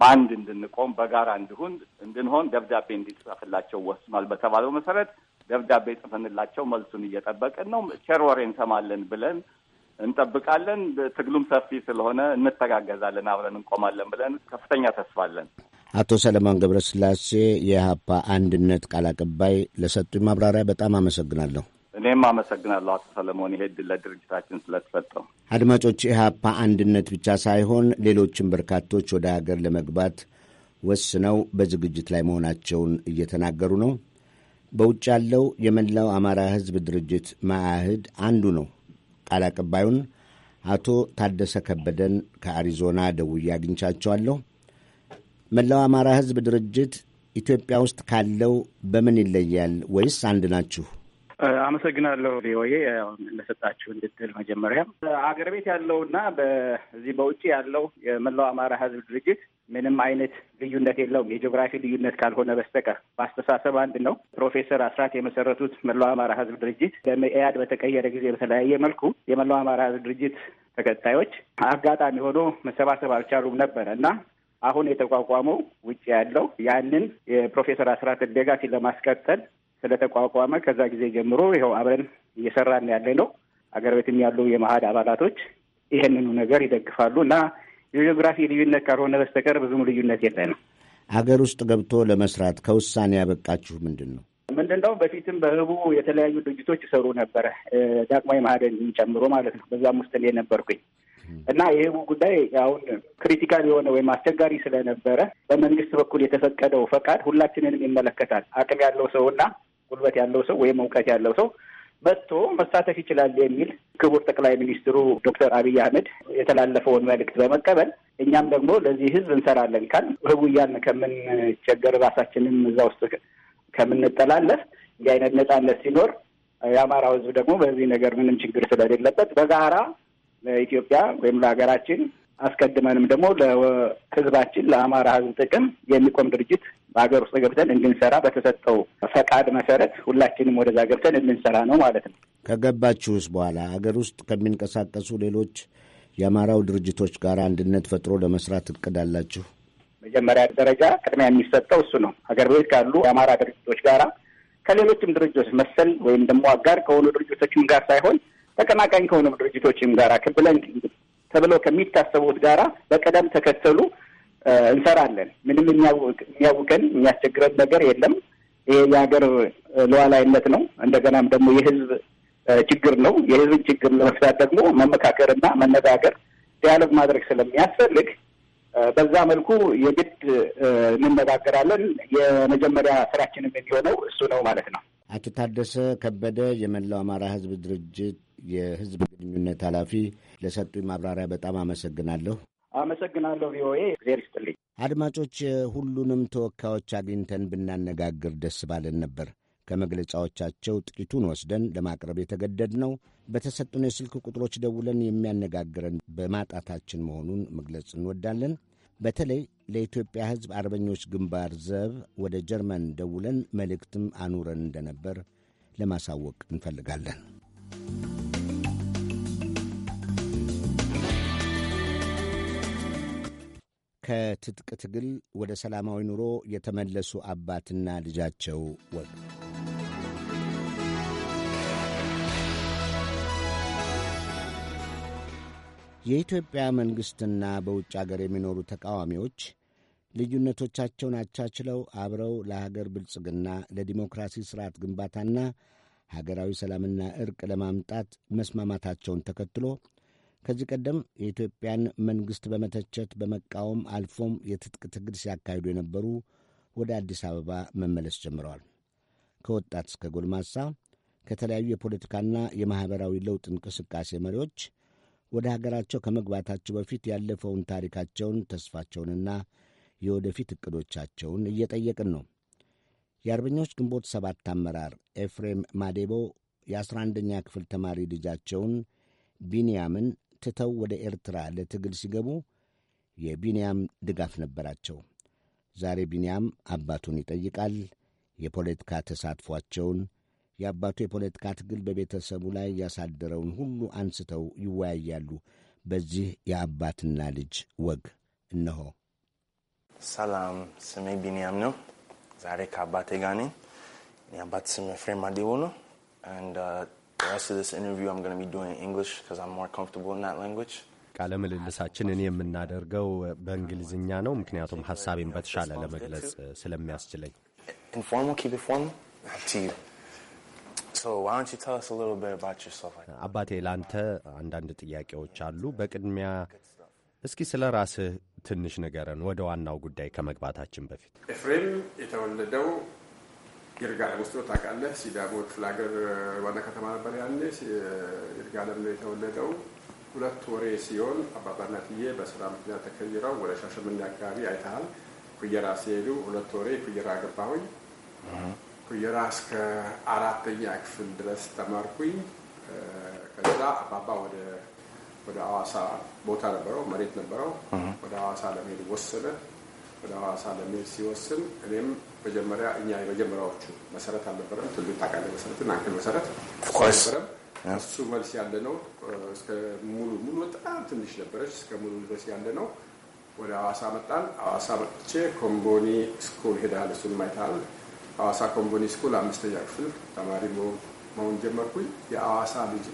በአንድ እንድንቆም በጋራ እንድሁን እንድንሆን ደብዳቤ እንዲጻፍላቸው ወስኗል በተባለው መሰረት ደብዳቤ ጽፈንላቸው መልሱን እየጠበቅን ነው። ቸር ወሬ እንሰማለን ብለን እንጠብቃለን። ትግሉም ሰፊ ስለሆነ እንተጋገዛለን፣ አብረን እንቆማለን ብለን ከፍተኛ ተስፋ አለን። አቶ ሰለሞን ገብረስላሴ የሀፓ አንድነት ቃል አቀባይ ለሰጡኝ ማብራሪያ በጣም አመሰግናለሁ። እኔም አመሰግናለሁ አቶ ሰለሞን ይሄ ለድርጅታችን ስለተሰጠው። አድማጮች የሀፓ አንድነት ብቻ ሳይሆን ሌሎችም በርካቶች ወደ ሀገር ለመግባት ወስነው በዝግጅት ላይ መሆናቸውን እየተናገሩ ነው። በውጭ ያለው የመላው አማራ ሕዝብ ድርጅት መአህድ አንዱ ነው። ቃል አቀባዩን አቶ ታደሰ ከበደን ከአሪዞና ደውዬ አግኝቻቸዋለሁ። መላው አማራ ህዝብ ድርጅት ኢትዮጵያ ውስጥ ካለው በምን ይለያል ወይስ አንድ ናችሁ? አመሰግናለሁ ቪኦኤ ለሰጣችሁ እንድትል መጀመሪያ አገር ቤት ያለውና በዚህ በውጭ ያለው የመላው አማራ ህዝብ ድርጅት ምንም አይነት ልዩነት የለውም። የጂኦግራፊ ልዩነት ካልሆነ በስተቀር በአስተሳሰብ አንድ ነው። ፕሮፌሰር አስራት የመሰረቱት መላው አማራ ህዝብ ድርጅት ኢህአዴግ በተቀየረ ጊዜ በተለያየ መልኩ የመላው አማራ ህዝብ ድርጅት ተከታዮች አጋጣሚ ሆኖ መሰባሰብ አልቻሉም ነበረ እና አሁን የተቋቋመው ውጭ ያለው ያንን የፕሮፌሰር አስራት ደጋፊ ለማስቀጠል ስለተቋቋመ ከዛ ጊዜ ጀምሮ ይኸው አብረን እየሰራን ያለ ነው። አገር ቤትም ያሉ የመሀድ አባላቶች ይህንኑ ነገር ይደግፋሉ እና የጂኦግራፊ ልዩነት ካልሆነ በስተቀር ብዙም ልዩነት የለንም። ሀገር ውስጥ ገብቶ ለመስራት ከውሳኔ ያበቃችሁ ምንድን ነው? ምንድን ነው በፊትም በህቡ የተለያዩ ድርጅቶች ይሰሩ ነበረ ዳግማዊ ማዕደን ጨምሮ ማለት ነው። በዛም ውስጥ እኔ ነበርኩኝ። እና የህቡ ጉዳይ አሁን ክሪቲካል የሆነ ወይም አስቸጋሪ ስለነበረ በመንግስት በኩል የተፈቀደው ፈቃድ ሁላችንንም ይመለከታል። አቅም ያለው ሰው እና ጉልበት ያለው ሰው ወይም እውቀት ያለው ሰው መጥቶ መሳተፍ ይችላል የሚል ክቡር ጠቅላይ ሚኒስትሩ ዶክተር አብይ አህመድ የተላለፈውን መልእክት በመቀበል እኛም ደግሞ ለዚህ ህዝብ እንሰራለን ካል ህቡ ከምንቸገር ራሳችንም እዛ ውስጥ ከምንጠላለፍ እንዲህ አይነት ነጻነት ሲኖር የአማራው ህዝብ ደግሞ በዚህ ነገር ምንም ችግር ስለሌለበት በጋራ ለኢትዮጵያ ወይም ለሀገራችን አስቀድመንም ደግሞ ለህዝባችን ለአማራ ህዝብ ጥቅም የሚቆም ድርጅት በሀገር ውስጥ ገብተን እንድንሰራ በተሰጠው ፈቃድ መሰረት ሁላችንም ወደዛ ገብተን እንድንሰራ ነው ማለት ነው። ከገባችሁስ በኋላ ሀገር ውስጥ ከሚንቀሳቀሱ ሌሎች የአማራው ድርጅቶች ጋር አንድነት ፈጥሮ ለመስራት እቅድ አላችሁ? መጀመሪያ ደረጃ ቅድሚያ የሚሰጠው እሱ ነው። ሀገር ቤት ካሉ የአማራ ድርጅቶች ጋራ ከሌሎችም ድርጅቶች መሰል ወይም ደግሞ አጋር ከሆኑ ድርጅቶችም ጋር ሳይሆን ተቀናቃኝ ከሆኑም ድርጅቶችም ጋር ክብለን ተብለው ከሚታሰቡት ጋራ በቅደም ተከተሉ እንሰራለን። ምንም የሚያውቀን የሚያስቸግረን ነገር የለም። ይሄ የሀገር ሉዓላዊነት ነው። እንደገናም ደግሞ የህዝብ ችግር ነው። የህዝብን ችግር ለመፍታት ደግሞ መመካከርና መነጋገር ዲያሎግ ማድረግ ስለሚያስፈልግ በዛ መልኩ የግድ እንነጋገራለን። የመጀመሪያ ስራችንም የሚሆነው እሱ ነው ማለት ነው። አቶ ታደሰ ከበደ የመላው አማራ ህዝብ ድርጅት የህዝብ ግንኙነት ኃላፊ ለሰጡኝ ማብራሪያ በጣም አመሰግናለሁ። አመሰግናለሁ ቪኦኤ እግዜር ይስጥልኝ። አድማጮች ሁሉንም ተወካዮች አግኝተን ብናነጋግር ደስ ባለን ነበር። ከመግለጫዎቻቸው ጥቂቱን ወስደን ለማቅረብ የተገደድ ነው በተሰጡን የስልክ ቁጥሮች ደውለን የሚያነጋግረን በማጣታችን መሆኑን መግለጽ እንወዳለን። በተለይ ለኢትዮጵያ ሕዝብ አርበኞች ግንባር ዘብ ወደ ጀርመን ደውለን መልእክትም አኑረን እንደነበር ለማሳወቅ እንፈልጋለን። ከትጥቅ ትግል ወደ ሰላማዊ ኑሮ የተመለሱ አባትና ልጃቸው ወሉ የኢትዮጵያ መንግሥትና በውጭ አገር የሚኖሩ ተቃዋሚዎች ልዩነቶቻቸውን አቻችለው አብረው ለሀገር ብልጽግና ለዲሞክራሲ ሥርዓት ግንባታና ሀገራዊ ሰላምና ዕርቅ ለማምጣት መስማማታቸውን ተከትሎ ከዚህ ቀደም የኢትዮጵያን መንግሥት በመተቸት በመቃወም አልፎም የትጥቅ ትግል ሲያካሂዱ የነበሩ ወደ አዲስ አበባ መመለስ ጀምረዋል። ከወጣት እስከ ጎልማሳ ከተለያዩ የፖለቲካና የማኅበራዊ ለውጥ እንቅስቃሴ መሪዎች ወደ ሀገራቸው ከመግባታቸው በፊት ያለፈውን ታሪካቸውን፣ ተስፋቸውንና የወደፊት ዕቅዶቻቸውን እየጠየቅን ነው። የአርበኞች ግንቦት ሰባት አመራር ኤፍሬም ማዴቦ የአስራ አንደኛ ክፍል ተማሪ ልጃቸውን ቢንያምን ትተው ወደ ኤርትራ ለትግል ሲገቡ የቢንያም ድጋፍ ነበራቸው። ዛሬ ቢንያም አባቱን ይጠይቃል። የፖለቲካ ተሳትፏቸውን፣ የአባቱ የፖለቲካ ትግል በቤተሰቡ ላይ ያሳደረውን ሁሉ አንስተው ይወያያሉ። በዚህ የአባትና ልጅ ወግ እነሆ። ሰላም፣ ስሜ ቢንያም ነው። ዛሬ ከአባቴ ጋር ነኝ። የአባት ስሜ ኤፍሬም አዲቡ ነው። uh, The rest of this interview I'm going to be doing in English because I'm more comfortable in that language. ቃለ ምልልሳችን እኔ የምናደርገው በእንግሊዝኛ ነው ምክንያቱም ሀሳቤን በተሻለ ለመግለጽ ስለሚያስችለኝ። አባቴ ለአንተ አንዳንድ ጥያቄዎች አሉ። በቅድሚያ እስኪ ስለ ራስህ ትንሽ ንገረን፣ ወደ ዋናው ጉዳይ ከመግባታችን በፊት። ኤፍሬም የተወለደው ይርጋለም ውስጥ ነው ታውቃለህ። ሲዳሞ ክፍለ ሀገር ዋና ከተማ ነበር ያኔ። ይርጋለም ነው የተወለደው። ሁለት ወሬ ሲሆን አባባ እናትዬ በስራ ምክንያት ተከይረው ወደ ሻሸመኔ አካባቢ አይተሃል፣ ኩየራ ሲሄዱ ሁለት ወሬ ኩየራ ገባሁኝ። ኩየራ እስከ አራተኛ ክፍል ድረስ ተማርኩኝ። ከዛ አባባ ወደ ወደ አዋሳ ቦታ ነበረው፣ መሬት ነበረው። ወደ አዋሳ ለመሄድ ወሰነ። ወደ አዋሳ ለመሄድ ሲወስን እኔም መጀመሪያ እኛ የመጀመሪያዎቹ መሰረት አልነበረም። ትልቅ ታውቃለህ መሰረት እና መሰረት አልነበረም። እሱ መልስ ያለ ነው። እስከ ሙሉ ሙሉ በጣም ትንሽ ነበረች። እስከ ሙሉ ድረስ ያለ ነው። ወደ አዋሳ መጣን። አዋሳ መጥቼ ኮምቦኒ ስኩል ሄዳል። እሱን ማይታል። አዋሳ ኮምቦኒ ስኩል አምስተኛ ክፍል ተማሪ መሆን ጀመርኩኝ። የአዋሳ ልጅ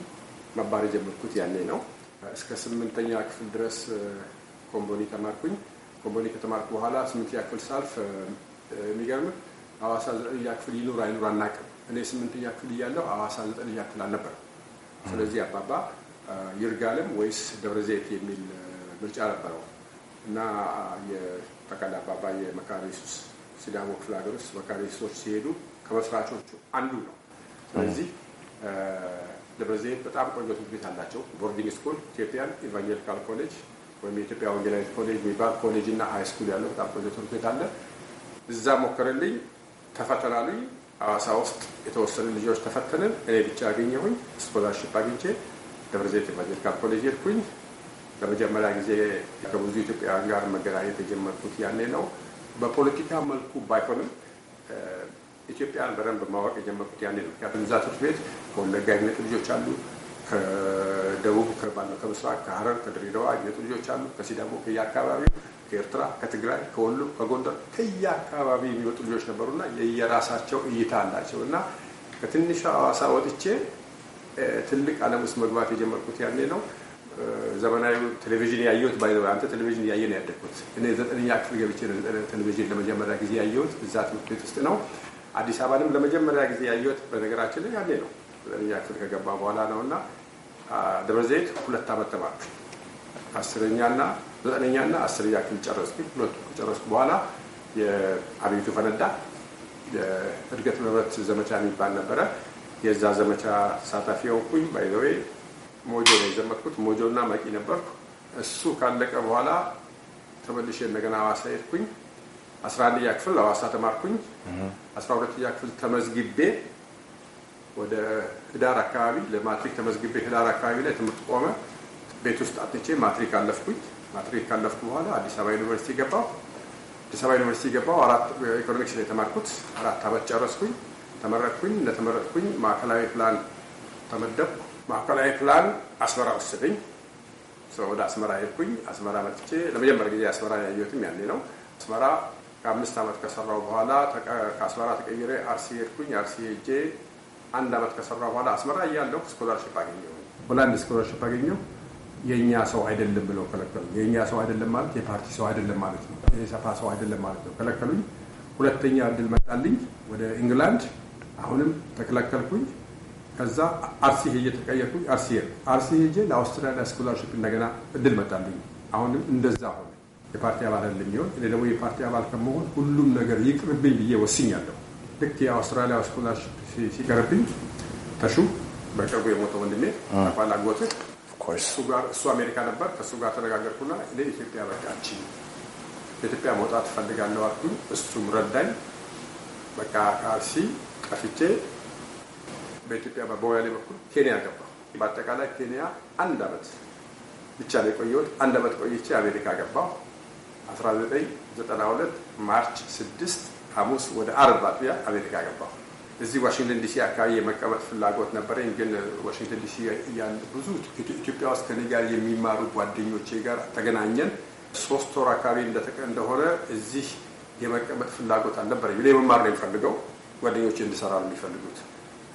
መባል የጀመርኩት ያኔ ነው። እስከ ስምንተኛ ክፍል ድረስ ኮምቦኒ ተማርኩኝ። ኮምቦኒ ከተማርኩ በኋላ ስምንተኛ ክፍል ሳልፍ የሚገርምህ አዋሳ ዘጠነኛ ክፍል ይኑር አይኑር አናውቅም። እኔ ስምንተኛ ክፍል እያለሁ አዋሳ ዘጠነኛ ክፍል አልነበረም። ስለዚህ አባባ ይርጋለም ወይስ ደብረዘይት የሚል ምርጫ ነበረው እና የጠቅላላ አባባ የመካነ ኢየሱስ ሲዳሞ ክፍለ ሀገር ውስጥ መካነ ኢየሱሶች ሲሄዱ ከመስራቾቹ አንዱ ነው። ስለዚህ ደብረዘይት በጣም ቆንጆ ትምህርት ቤት አላቸው። ቦርዲንግ ስኩል፣ ኢትዮጵያን ኢቫንጀሊካል ኮሌጅ ወይም የኢትዮጵያ ወንጌላዊት ኮሌጅ የሚባል ኮሌጅ እና ሀይ ስኩል ያለው በጣም ቆንጆ ትምህርት ቤት አለ። እዛ ሞከረልኝ፣ ተፈተናሉኝ። ሐዋሳ ውስጥ የተወሰኑ ልጆች ተፈተንን። እኔ ብቻ አገኘሁኝ። ስኮላርሽፕ አግኝቼ ደብረዘይት ዘይት ኮሌጅ ሄድኩኝ። ለመጀመሪያ ጊዜ ከብዙ ኢትዮጵያውያን ጋር መገናኘት የጀመርኩት ያኔ ነው። በፖለቲካ መልኩ ባይሆንም ኢትዮጵያን በደንብ ማወቅ የጀመርኩት ያኔ ነው። ምክንያቱም እዛ ትምህርት ቤት ከወለጋ የሚመጡ ልጆች አሉ፣ ከደቡብ፣ ከምስራቅ፣ ከሀረር፣ ከድሬዳዋ የሚመጡ ልጆች አሉ፣ ከሲዳሞ ከየአካባቢው ከኤርትራ፣ ከትግራይ፣ ከወሎ፣ ከጎንደር አካባቢ የሚወጡ ልጆች ነበሩና የየራሳቸው እይታ አላቸው እና ከትንሽ ሐዋሳ ወጥቼ ትልቅ ዓለም ውስጥ መግባት የጀመርኩት ያኔ ነው። ዘመናዊ ቴሌቪዥን ያየሁት ባይ አንተ ቴሌቪዥን ያየ ነው ያደግኩት። እኔ ዘጠነኛ ክፍል ገብቼ ቴሌቪዥን ለመጀመሪያ ጊዜ ያየሁት እዛ ትምህርት ቤት ውስጥ ነው። አዲስ አበባንም ለመጀመሪያ ጊዜ ያየሁት በነገራችን ላይ ያኔ ነው፣ ዘጠነኛ ክፍል ከገባ በኋላ ነው እና ደብረዘይት ሁለት ዓመት ተማርኩ አስረኛና ዘጠነኛና አስረኛ ክፍል ጨረስኩኝ። ሁለቱ ከጨረስኩ በኋላ የአብዮቱ ፈነዳ። የእድገት መብረት ዘመቻ የሚባል ነበረ። የዛ ዘመቻ ተሳታፊ ሆንኩኝ። ባይዘዌ ሞጆ ነው የዘመትኩት። ሞጆ መቂ ነበርኩ። እሱ ካለቀ በኋላ ተመልሼ እንደገና አዋሳ ሄድኩኝ። አስራ አንደኛ ክፍል አዋሳ ተማርኩኝ። አስራ ሁለተኛ ክፍል ተመዝግቤ ወደ ህዳር አካባቢ ለማትሪክ ተመዝግቤ ህዳር አካባቢ ላይ ትምህርት ቆመ። ቤት ውስጥ አጥንቼ ማትሪክ አለፍኩኝ። ማትሪክ ካለፍኩ በኋላ አዲስ አበባ ዩኒቨርሲቲ ገባው። አዲስ አበባ ዩኒቨርሲቲ ገባው። ኢኮኖሚክስ ላይ የተማርኩት። አራት አመት ጨረስኩኝ፣ ተመረጥኩኝ። እንደተመረጥኩኝ ማዕከላዊ ፕላን ተመደብኩ። ማዕከላዊ ፕላን አስመራ ወሰደኝ። ወደ አስመራ ሄድኩኝ። አስመራ መጥቼ ለመጀመሪያ ጊዜ አስመራ ያየሁትም ያኔ ነው። አስመራ ከአምስት ዓመት ከሰራው በኋላ ከአስመራ ተቀይሬ አርሲ ሄድኩኝ። አርሲ ሄጄ አንድ ዓመት ከሰራው በኋላ አስመራ እያለሁ ስኮላርሽፕ አገኘሁ። ሆላንድ ስኮላርሽፕ አገኘሁ። የእኛ ሰው አይደለም ብለው ከለከሉኝ። የእኛ ሰው አይደለም ማለት የፓርቲ ሰው አይደለም ማለት ነው፣ የሰፋ ሰው አይደለም ማለት ነው። ከለከሉኝ። ሁለተኛ እድል መጣልኝ ወደ ኢንግላንድ፣ አሁንም ተከለከልኩኝ። ከዛ አርሲ ሄጄ ተቀየርኩኝ። አርሲ አርሲ ሄጄ ለአውስትራሊያ ስኮላርሽፕ እንደገና እድል መጣልኝ። አሁንም እንደዛ ሆነ። የፓርቲ አባል አይደለም ይሆን እኔ ደግሞ የፓርቲ አባል ከመሆን ሁሉም ነገር ይቅርብኝ ብዬ ወስኛለሁ። ልክ የአውስትራሊያ ስኮላርሽፕ ሲቀርብኝ ተሹ በቅርቡ የሞተ ወንድሜ ባላጎትህ እሱ አሜሪካ ነበር። ከእሱ ጋር ተነጋገርኩና እኔ ለኢትዮጵያ በቃችኝ፣ ከኢትዮጵያ መውጣት እፈልጋለሁ አልኩኝ። እሱም ረዳኝ። በቃ ከአርሲ ቀፍቼ በኢትዮጵያ በወያሌ በኩል ኬንያ ገባ። በአጠቃላይ ኬንያ አንድ አመት ብቻ ነው የቆየሁት። አንድ አመት ቆይቼ አሜሪካ ገባሁ። 1992 ማርች 6 ሐሙስ ወደ አርብ አጥቢያ አሜሪካ ገባሁ። እዚህ ዋሽንግተን ዲሲ አካባቢ የመቀመጥ ፍላጎት ነበረኝ። ግን ዋሽንግተን ዲሲ ያለ ብዙ ኢትዮጵያ ውስጥ ከኔ ጋር የሚማሩ ጓደኞቼ ጋር ተገናኘን። ሶስት ወር አካባቢ እንደሆነ እዚህ የመቀመጥ ፍላጎት አልነበረኝ። እኔ መማር ነው የሚፈልገው፣ ጓደኞቼ እንድሰራ ነው የሚፈልጉት።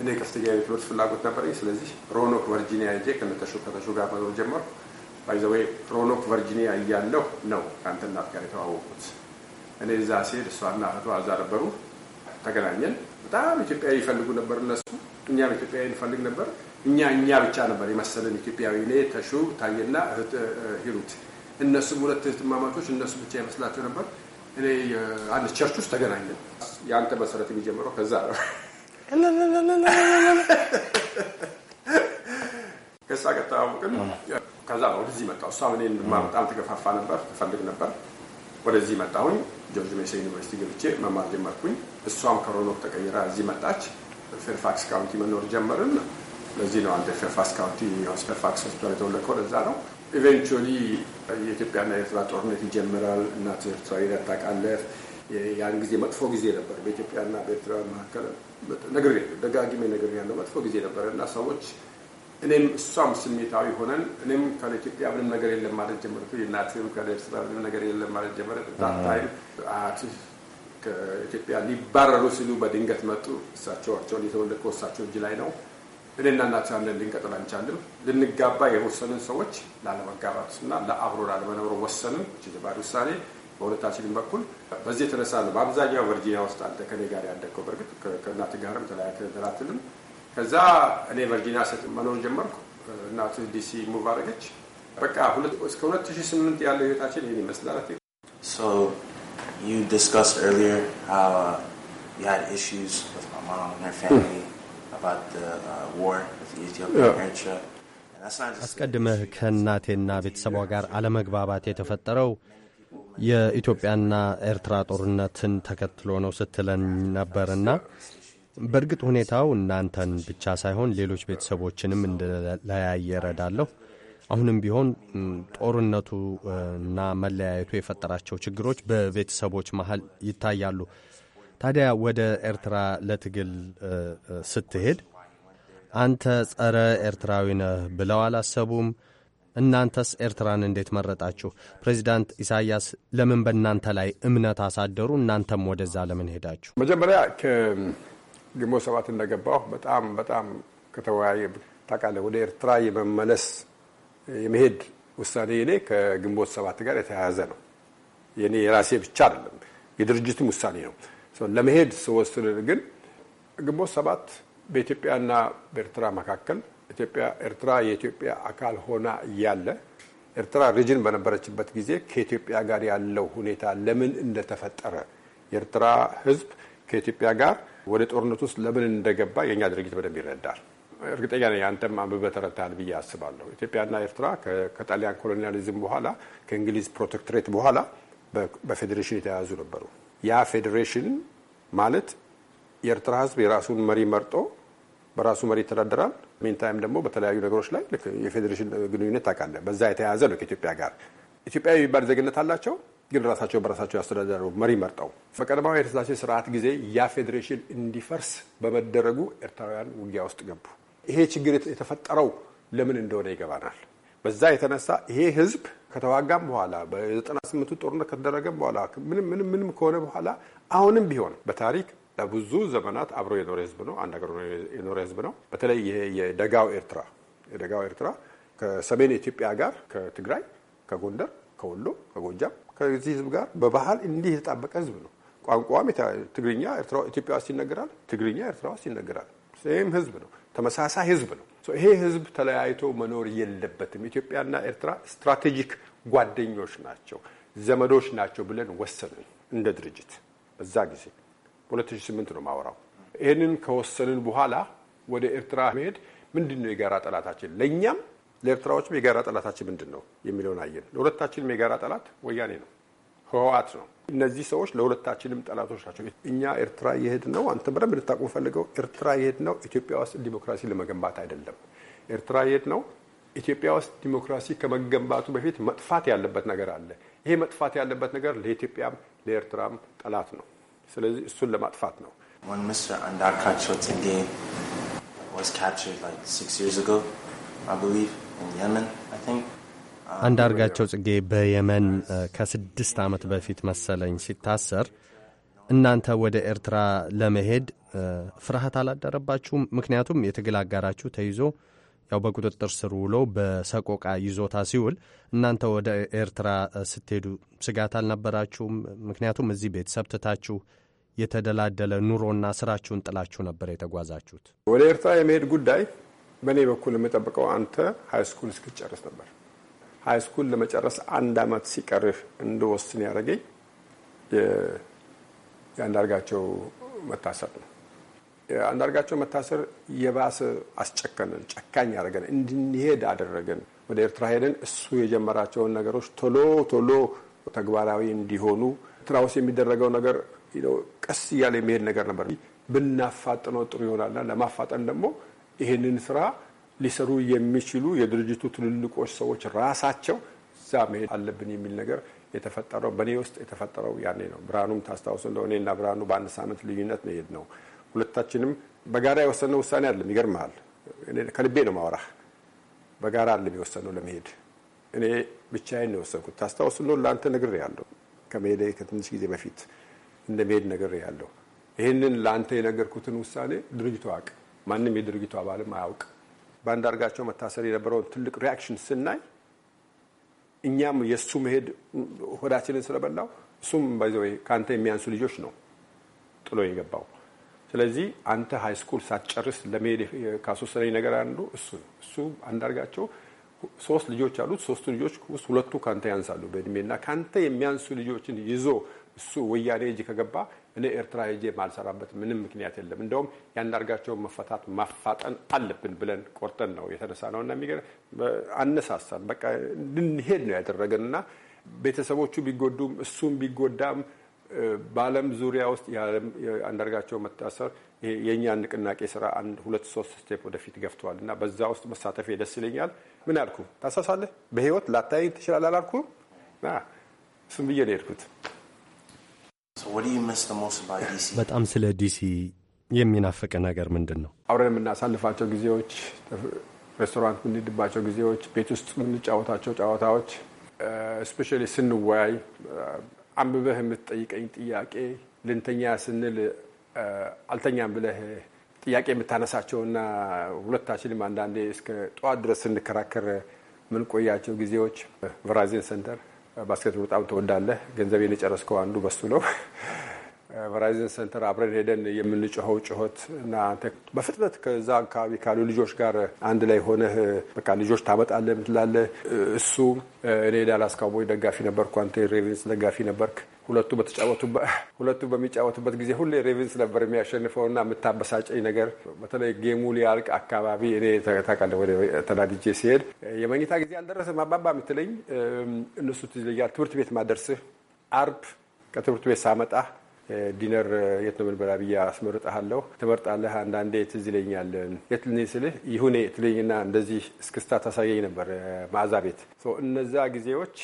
እኔ ከፍተኛ የትምህርት ፍላጎት ነበረኝ። ስለዚህ ሮኖክ ቨርጂኒያ ሄጄ ከነተሹ ከተሹ ጋር መኖር ጀመርኩ። ባይዘወይ ሮኖክ ቨርጂኒያ እያለሁ ነው ከአንተ እናት ጋር የተዋወቁት። እኔ እዛ ስሄድ እሷና እህቷ እዛ ነበሩ። ተገናኘን። በጣም ኢትዮጵያዊ ይፈልጉ ነበር እነሱ፣ እኛም ኢትዮጵያዊ እንፈልግ ነበር። እኛ እኛ ብቻ ነበር የመሰለን ኢትዮጵያዊ። እኔ ተሹ ታየና እህት ሂሩት፣ እነሱም ሁለት እህትማማቾች፣ እነሱ ብቻ ይመስላቸው ነበር። እኔ አንድ ቸርች ውስጥ ተገናኘን። የአንተ መሰረት የሚጀምረው ከዛ ነው። ከዛ ከተዋወቅን ከዛ ወደዚህ መጣሁ። እሷ እኔን በጣም ተገፋፋ ነበር፣ ትፈልግ ነበር ወደዚህ መጣሁኝ። ጆርጅ ሜሰ ዩኒቨርሲቲ ገብቼ መማር ጀመርኩኝ። እሷም ከሮኖክ ተቀይራ እዚህ መጣች። ፌርፋክስ ካውንቲ መኖር ጀመርን። ለዚህ ነው አንተ ፌርፋክስ ካውንቲ ፌርፋክስ ሆስፒታል የተወለድከው ለዛ ነው። ኢቨንቹዋሊ የኢትዮጵያና የኤርትራ ጦርነት ይጀምራል። እናት ኤርትራ ታውቃለህ። ያን ጊዜ መጥፎ ጊዜ ነበር በኢትዮጵያና በኤርትራ መካከል። ነግሬ ደጋግሜ ነግሬ ያለው መጥፎ ጊዜ ነበር እና ሰዎች እኔም እሷም ስሜታዊ ሆነን እኔም ከኢትዮጵያ ምንም ነገር የለም ማለት ጀመርኩ። እናትም ካለ ምንም ነገር የለም ማለት ጀመረ። ታታይ አያትህ ከኢትዮጵያ ሊባረሩ ሲሉ በድንገት መጡ። እሳቸዋቸውን የተወለድከው እሳቸው እጅ ላይ ነው። እኔና እናትህ አብረን ልንቀጥል አንቻልም። ልንጋባ የወሰንን ሰዎች ላለመጋባት እና ለአብሮ ላለመኖር ወሰንን። ባድ ውሳኔ በሁለታችንም በኩል በዚህ የተነሳ ነው በአብዛኛው ቨርጂኒያ ውስጥ አንተ ከኔ ጋር ያደግከው። በእርግጥ ከእናትህ ጋርም ተለያተ ተለያይተህ ከዛ እኔ ቨርጂኒያ መኖር ጀመርኩ። እናቱ ዲሲ ሙቭ አደረገች። በቃ እስከ 2008 ያለው ህይወታችን ይህን ይመስላል። So you discussed earlier how uh, you had issues with my mom and her family about the uh, war with Ethiopia and Eritrea. አስቀድመህ ከእናቴና ቤተሰቧ ጋር አለመግባባት የተፈጠረው የኢትዮጵያና ኤርትራ ጦርነትን ተከትሎ ነው ስትለን ነበርና በእርግጥ ሁኔታው እናንተን ብቻ ሳይሆን ሌሎች ቤተሰቦችንም እንደለያየ እረዳለሁ። አሁንም ቢሆን ጦርነቱ እና መለያየቱ የፈጠራቸው ችግሮች በቤተሰቦች መሀል ይታያሉ። ታዲያ ወደ ኤርትራ ለትግል ስትሄድ አንተ ጸረ ኤርትራዊ ነህ ብለው አላሰቡም? እናንተስ ኤርትራን እንዴት መረጣችሁ? ፕሬዚዳንት ኢሳያስ ለምን በእናንተ ላይ እምነት አሳደሩ? እናንተም ወደዛ ለምን ሄዳችሁ? መጀመሪያ ግንቦት ሰባት እንደገባሁ በጣም በጣም ከተወያየ ታውቃለህ፣ ወደ ኤርትራ የመመለስ የመሄድ ውሳኔ እኔ ከግንቦት ሰባት ጋር የተያያዘ ነው። የኔ የራሴ ብቻ አይደለም፣ የድርጅትም ውሳኔ ነው። ለመሄድ ስወስን ግን ግንቦት ሰባት በኢትዮጵያና በኤርትራ መካከል ኢትዮጵያ ኤርትራ የኢትዮጵያ አካል ሆና እያለ ኤርትራ ሪጅን በነበረችበት ጊዜ ከኢትዮጵያ ጋር ያለው ሁኔታ ለምን እንደተፈጠረ የኤርትራ ሕዝብ ከኢትዮጵያ ጋር ወደ ጦርነት ውስጥ ለምን እንደገባ የእኛ ድርጊት በደንብ ይረዳል። እርግጠኛ ነኝ አንተም አንብበህ ተረድተሃል ብዬ አስባለሁ። ኢትዮጵያና ኤርትራ ከጣሊያን ኮሎኒያሊዝም በኋላ ከእንግሊዝ ፕሮቴክትሬት በኋላ በፌዴሬሽን የተያያዙ ነበሩ። ያ ፌዴሬሽን ማለት የኤርትራ ሕዝብ የራሱን መሪ መርጦ በራሱ መሪ ይተዳደራል። ሜንታይም ደግሞ በተለያዩ ነገሮች ላይ የፌዴሬሽን ግንኙነት ታውቃለህ፣ በዛ የተያያዘ ነው ከኢትዮጵያ ጋር። ኢትዮጵያ የሚባል ዜግነት አላቸው ግን ራሳቸውን በራሳቸው ያስተዳደሩ መሪ መርጠው በቀዳማዊ ኃይለ ስርዓት ጊዜ ያ ፌዴሬሽን እንዲፈርስ በመደረጉ ኤርትራውያን ውጊያ ውስጥ ገቡ። ይሄ ችግር የተፈጠረው ለምን እንደሆነ ይገባናል። በዛ የተነሳ ይሄ ህዝብ ከተዋጋም በኋላ በ98 ጦርነት ከተደረገም በኋላ ምንም ምንም ምንም ከሆነ በኋላ አሁንም ቢሆን በታሪክ ለብዙ ዘመናት አብሮ የኖረ ህዝብ ነው። አንድ ሀገር የኖረ ህዝብ ነው። በተለይ ይሄ የደጋው ኤርትራ የደጋው ኤርትራ ከሰሜን ኢትዮጵያ ጋር ከትግራይ፣ ከጎንደር፣ ከወሎ፣ ከጎጃም ከዚህ ህዝብ ጋር በባህል እንዲህ የተጣበቀ ህዝብ ነው። ቋንቋም ትግርኛ ኢትዮጵያ ውስጥ ይነገራል፣ ትግርኛ ኤርትራ ውስጥ ይነገራል። ሴም ህዝብ ነው፣ ተመሳሳይ ህዝብ ነው። ይሄ ህዝብ ተለያይቶ መኖር የለበትም። ኢትዮጵያና ኤርትራ ስትራቴጂክ ጓደኞች ናቸው፣ ዘመዶች ናቸው ብለን ወሰንን እንደ ድርጅት በዛ ጊዜ 2008 ነው ማወራው። ይህንን ከወሰንን በኋላ ወደ ኤርትራ መሄድ ምንድን ነው የጋራ ጠላታችን ለእኛም ለኤርትራዎችም የጋራ ጠላታችን ምንድን ነው የሚለውን አየን። ለሁለታችንም የጋራ ጠላት ወያኔ ነው፣ ህወሓት ነው። እነዚህ ሰዎች ለሁለታችንም ጠላቶች ናቸው። እኛ ኤርትራ የሄድ ነው አንተ በደንብ ልታቁም ፈልገው ኤርትራ የሄድ ነው ኢትዮጵያ ውስጥ ዲሞክራሲ ለመገንባት አይደለም። ኤርትራ የሄድ ነው ኢትዮጵያ ውስጥ ዲሞክራሲ ከመገንባቱ በፊት መጥፋት ያለበት ነገር አለ። ይሄ መጥፋት ያለበት ነገር ለኢትዮጵያም ለኤርትራም ጠላት ነው። ስለዚህ እሱን ለማጥፋት ነው። Uh, አንዳርጋቸው ጽጌ በየመን uh, ከስድስት ዓመት በፊት መሰለኝ ሲታሰር እናንተ ወደ ኤርትራ ለመሄድ uh, ፍርሃት አላደረባችሁም? ምክንያቱም የትግል አጋራችሁ ተይዞ ያው በቁጥጥር ስር ውሎ በሰቆቃ ይዞታ ሲውል እናንተ ወደ ኤርትራ ስትሄዱ ስጋት አልነበራችሁም? ምክንያቱም እዚህ ቤተሰብ ትታችሁ የተደላደለ ኑሮና ስራችሁን ጥላችሁ ነበር የተጓዛችሁት። ወደ ኤርትራ የመሄድ ጉዳይ በእኔ በኩል የምጠብቀው አንተ ሀይ ስኩል እስክትጨርስ ነበር። ሀይ ስኩል ለመጨረስ አንድ አመት ሲቀርህ እንደወስን ያደረገኝ የአንዳርጋቸው መታሰር ነው። አንዳርጋቸው መታሰር የባሰ አስጨከንን፣ ጨካኝ ያደረገን፣ እንድንሄድ አደረገን። ወደ ኤርትራ ሄደን እሱ የጀመራቸውን ነገሮች ቶሎ ቶሎ ተግባራዊ እንዲሆኑ ኤርትራ ውስጥ የሚደረገው ነገር ቀስ እያለ የሚሄድ ነገር ነበር። ብናፋጥነው ጥሩ ይሆናልና ለማፋጠን ደግሞ ይህንን ስራ ሊሰሩ የሚችሉ የድርጅቱ ትልልቆች ሰዎች ራሳቸው እዛ መሄድ አለብን የሚል ነገር የተፈጠረው በእኔ ውስጥ የተፈጠረው ያኔ ነው። ብርሃኑም ታስታውሱ እንደሆነ እኔና ብርሃኑ በአንድ ሳምንት ልዩነት ነው የሄድነው። ሁለታችንም በጋራ የወሰነው ውሳኔ አይደለም። ይገርምሃል፣ ከልቤ ነው ማውራህ። በጋራ አለም የወሰነው ለመሄድ እኔ ብቻዬን ነው የወሰንኩት። ታስታውሱ እንደሆነ ለአንተ ነግሬሃለሁ። ከመሄደ ከትንሽ ጊዜ በፊት እንደመሄድ ነግሬሃለሁ። ይህንን ለአንተ የነገርኩትን ውሳኔ ድርጅቱ አቅ ማንም የድርጊቱ አባልም አያውቅ። በአንዳርጋቸው መታሰር የነበረውን ትልቅ ሪያክሽን ስናይ እኛም የእሱ መሄድ ሆዳችንን ስለበላው እሱም ባይዘወ ከአንተ የሚያንሱ ልጆች ነው ጥሎ የገባው። ስለዚህ አንተ ሃይስኩል ስኩል ሳትጨርስ ለመሄድ ካስወሰነኝ ነገር አንዱ እሱ ነው። እሱ አንዳርጋቸው ሶስት ልጆች አሉት። ሶስቱ ልጆች ውስጥ ሁለቱ ከአንተ ያንሳሉ በእድሜና ከአንተ የሚያንሱ ልጆችን ይዞ እሱ ወያኔ እጅ ከገባ እኔ ኤርትራ ሄጄ ማልሰራበት ምንም ምክንያት የለም። እንደውም ያንዳርጋቸውን መፈታት ማፋጠን አለብን ብለን ቆርጠን ነው የተነሳ ነው እና የሚገርም አነሳሳን። በቃ ልንሄድ ነው ያደረገን እና ቤተሰቦቹ ቢጎዱም እሱም ቢጎዳም በዓለም ዙሪያ ውስጥ አንዳርጋቸው መታሰር የእኛ ንቅናቄ ስራ አንድ ሁለት ሶስት ስቴፕ ወደፊት ገፍተዋል እና በዛ ውስጥ መሳተፌ ደስ ይለኛል። ምን አልኩ ታሳሳለህ፣ በህይወት ላታይ ትችላል አላልኩ። እሱም ብዬ ነው የሄድኩት። በጣም ስለ ዲሲ የሚናፍቅ ነገር ምንድን ነው? አብረን የምናሳልፋቸው ጊዜዎች፣ ሬስቶራንት የምንሄድባቸው ጊዜዎች፣ ቤት ውስጥ የምንጫወታቸው ጨዋታዎች፣ እስፔሻሊ ስንወያይ አንብበህ የምትጠይቀኝ ጥያቄ፣ ልንተኛ ስንል አልተኛም ብለህ ጥያቄ የምታነሳቸው እና ሁለታችንም አንዳንዴ እስከ ጠዋት ድረስ ስንከራከር ምንቆያቸው ጊዜዎች ቨራዚን ሰንተር ባስኬትቦል በጣም ተወዳለ ገንዘቤን የጨረስከው አንዱ በሱ ነው። ቨራይዘን ሰንተር አብረን ሄደን የምንጮኸው ጩኸት እና በፍጥነት ከዛ አካባቢ ካሉ ልጆች ጋር አንድ ላይ ሆነህ በቃ ልጆች ታመጣለህ ምትላለህ። እሱ እኔ ዳላስ ካውቦይ ደጋፊ ነበርኩ፣ አንተ ሬቪንስ ደጋፊ ነበርክ። ሁለቱ ሁለቱ በሚጫወቱበት ጊዜ ሁሌ ሬቪንስ ነበር የሚያሸንፈውና የምታበሳጨኝ ነገር በተለይ ጌሙ ሊያልቅ አካባቢ እኔ ታውቃለህ፣ ወደ ተዳድጄ ሲሄድ የመኝታ ጊዜ አልደረሰም አባባ የምትለኝ እነሱ ትለያል ትምህርት ቤት ማደርስህ አርብ ከትምህርት ቤት ሳመጣ ዲነር የት ነው ምንበላ ብዬ አስመርጠሃለሁ ትመርጣለህ። አንዳንዴ ትዝ ይለኛል የት ልኔ ስልህ ይሁኔ ትልኝና እንደዚህ እስክስታ ታሳየኝ ነበር ማዕዛ ቤት። እነዛ ጊዜዎች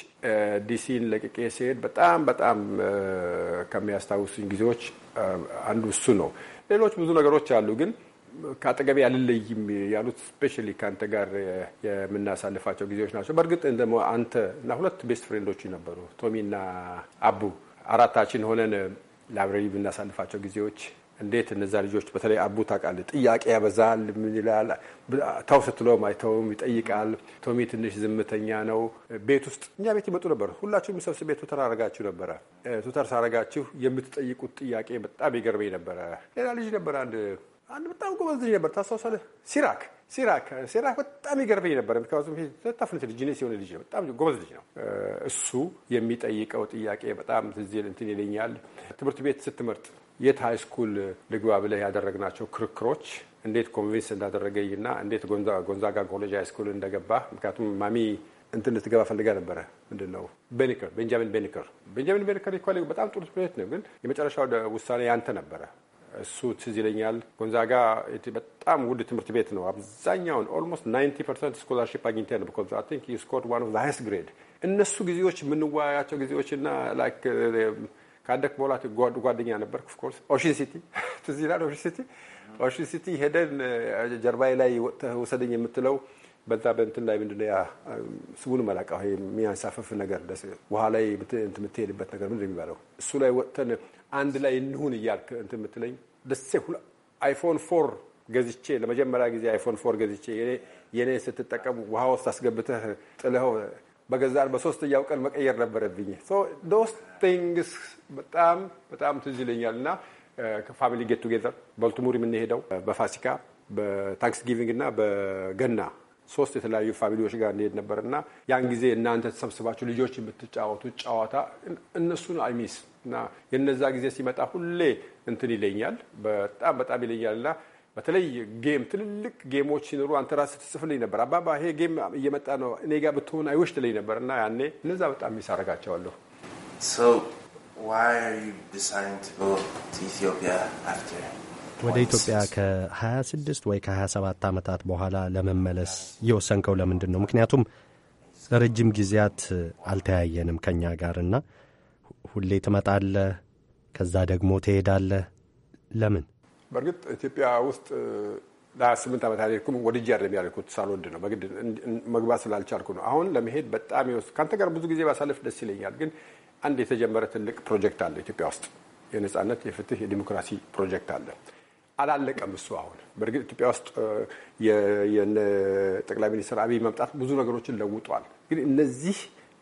ዲሲን ለቅቄ ሲሄድ በጣም በጣም ከሚያስታውሱኝ ጊዜዎች አንዱ እሱ ነው። ሌሎች ብዙ ነገሮች አሉ ግን ከአጠገቤ አልለይም ያሉት ስፔሻሊ ከአንተ ጋር የምናሳልፋቸው ጊዜዎች ናቸው። በእርግጥ ደግሞ አንተ እና ሁለት ቤስት ፍሬንዶች ነበሩ ቶሚ እና አቡ አራታችን ሆነን ላይብረሪ የምናሳልፋቸው ጊዜዎች እንዴት እነዛ ልጆች በተለይ አቡ ታውቃለህ፣ ጥያቄ ያበዛል። ምን ይላል ተው ስትለውም አይተውም፣ ይጠይቃል። ቶሚ ትንሽ ዝምተኛ ነው። ቤት ውስጥ እኛ ቤት ይመጡ ነበር። ሁላችሁም ቤት ቱተር አረጋችሁ ነበረ። ቱተር ሳረጋችሁ የምትጠይቁት ጥያቄ በጣም ይገርመኝ ነበረ። ሌላ ልጅ ነበር አንድ አንድ በጣም ጎበዝ ልጅ ነበር። ታስታውሳለህ? ሲራክ ሲራክ ሲራክ በጣም ይገርመኝ ነበር። ምክንያቱም ተፍነት ልጅ የሆነ ልጅ ነው፣ በጣም ጎበዝ ልጅ ነው። እሱ የሚጠይቀው ጥያቄ በጣም ትዝ እንትን ይለኛል። ትምህርት ቤት ስትመርጥ የት ሃይ ስኩል ልግባ ብለህ ያደረግናቸው ክርክሮች እንዴት ኮንቪንስ እንዳደረገኝ እና እንዴት ጎንዛጋ ኮሌጅ ሃይ ስኩል እንደገባ ምክንያቱም ማሚ እንትን ልትገባ ፈልጋ ነበረ። ምንድን ነው ቤኒከር ቤንጃሚን ቤኒከር ቤንጃሚን ቤኒከር በጣም ጥሩ ትምህርት ቤት ነው፣ ግን የመጨረሻው ውሳኔ ያንተ ነበረ እሱ ትዝ ይለኛል። ጎንዛጋ በጣም ውድ ትምህርት ቤት ነው። አብዛኛውን ኦልሞስት 90 ፐርሰንት ስኮላርሺፕ አግኝተህ ነው ቢኮዝ አይ ቲንክ ዩ ስኮርድ ዋን ኦፍ ዘ ሃይስት ግሬድ። እነሱ ጊዜዎች የምንወያያቸው ጊዜዎች እና ላይክ ካደክ በኋላ ጓደኛ ነበር። ኦፍኮርስ ኦሽን ሲቲ ትዝ ይላል። ኦሽን ሲቲ ኦሽን ሲቲ ሄደን uh, ጀርባዬ ላይ ውሰደኝ የምትለው በዛ በእንትን ላይ ምንድን ነው ያ um, ስቡን መላቃ የሚያንሳፈፍ ነገር ውሃ ላይ የምትሄድበት ነገር ምንድን ነው የሚባለው እሱ ላይ ወጥተን አንድ ላይ እንሁን እያልክ እንትን የምትለኝ ደሴ አይፎን ፎር ገዝቼ ለመጀመሪያ ጊዜ አይፎን ፎር ገዝቼ የኔ ስትጠቀሙ ውሃ ውስጥ አስገብተህ ጥለው በገዛን በሶስተኛው ቀን መቀየር ነበረብኝ። ዶስ ቲንግስ በጣም በጣም ትዝ ይለኛል እና uh, ከፋሚሊ ጌት ቱጌዘር በልቱሙር የምንሄደው በፋሲካ በታንክስጊቪንግ እና በገና ሶስት የተለያዩ ፋሚሊዎች ጋር እንሄድ ነበር እና ያን ጊዜ እናንተ ተሰብስባችሁ ልጆች የምትጫወቱት ጨዋታ እነሱን አይሚስ እና የነዛ ጊዜ ሲመጣ ሁሌ እንትን ይለኛል፣ በጣም በጣም ይለኛል እና በተለይ ጌም ትልልቅ ጌሞች ሲኖሩ አንተ ራስህ ትጽፍልኝ ነበር፣ አባባ ይሄ ጌም እየመጣ ነው እኔ ጋር ብትሆን አይወሽ ትለኝ ነበር እና ያኔ እነዛ በጣም ሚስ አደርጋቸዋለሁ። ወደ ኢትዮጵያ ከ26 ወይ ከ27 ዓመታት በኋላ ለመመለስ የወሰንከው ለምንድን ነው? ምክንያቱም ለረጅም ጊዜያት አልተያየንም ከእኛ ጋር እና ሁሌ ትመጣለህ፣ ከዛ ደግሞ ትሄዳለህ። ለምን? በእርግጥ ኢትዮጵያ ውስጥ ለ28 ዓመት አልሄድኩም። ወድጄ አይደለም ያልኩት፣ ሳልወድ ነው በግድ መግባት ስላልቻልኩ ነው። አሁን ለመሄድ በጣም ይወስ ከአንተ ጋር ብዙ ጊዜ ባሳለፍ ደስ ይለኛል። ግን አንድ የተጀመረ ትልቅ ፕሮጀክት አለ ኢትዮጵያ ውስጥ የነጻነት የፍትህ የዲሞክራሲ ፕሮጀክት አለ። አላለቀም። እሱ አሁን በእርግጥ ኢትዮጵያ ውስጥ የጠቅላይ ሚኒስትር አብይ መምጣት ብዙ ነገሮችን ለውጧል። ግን እነዚህ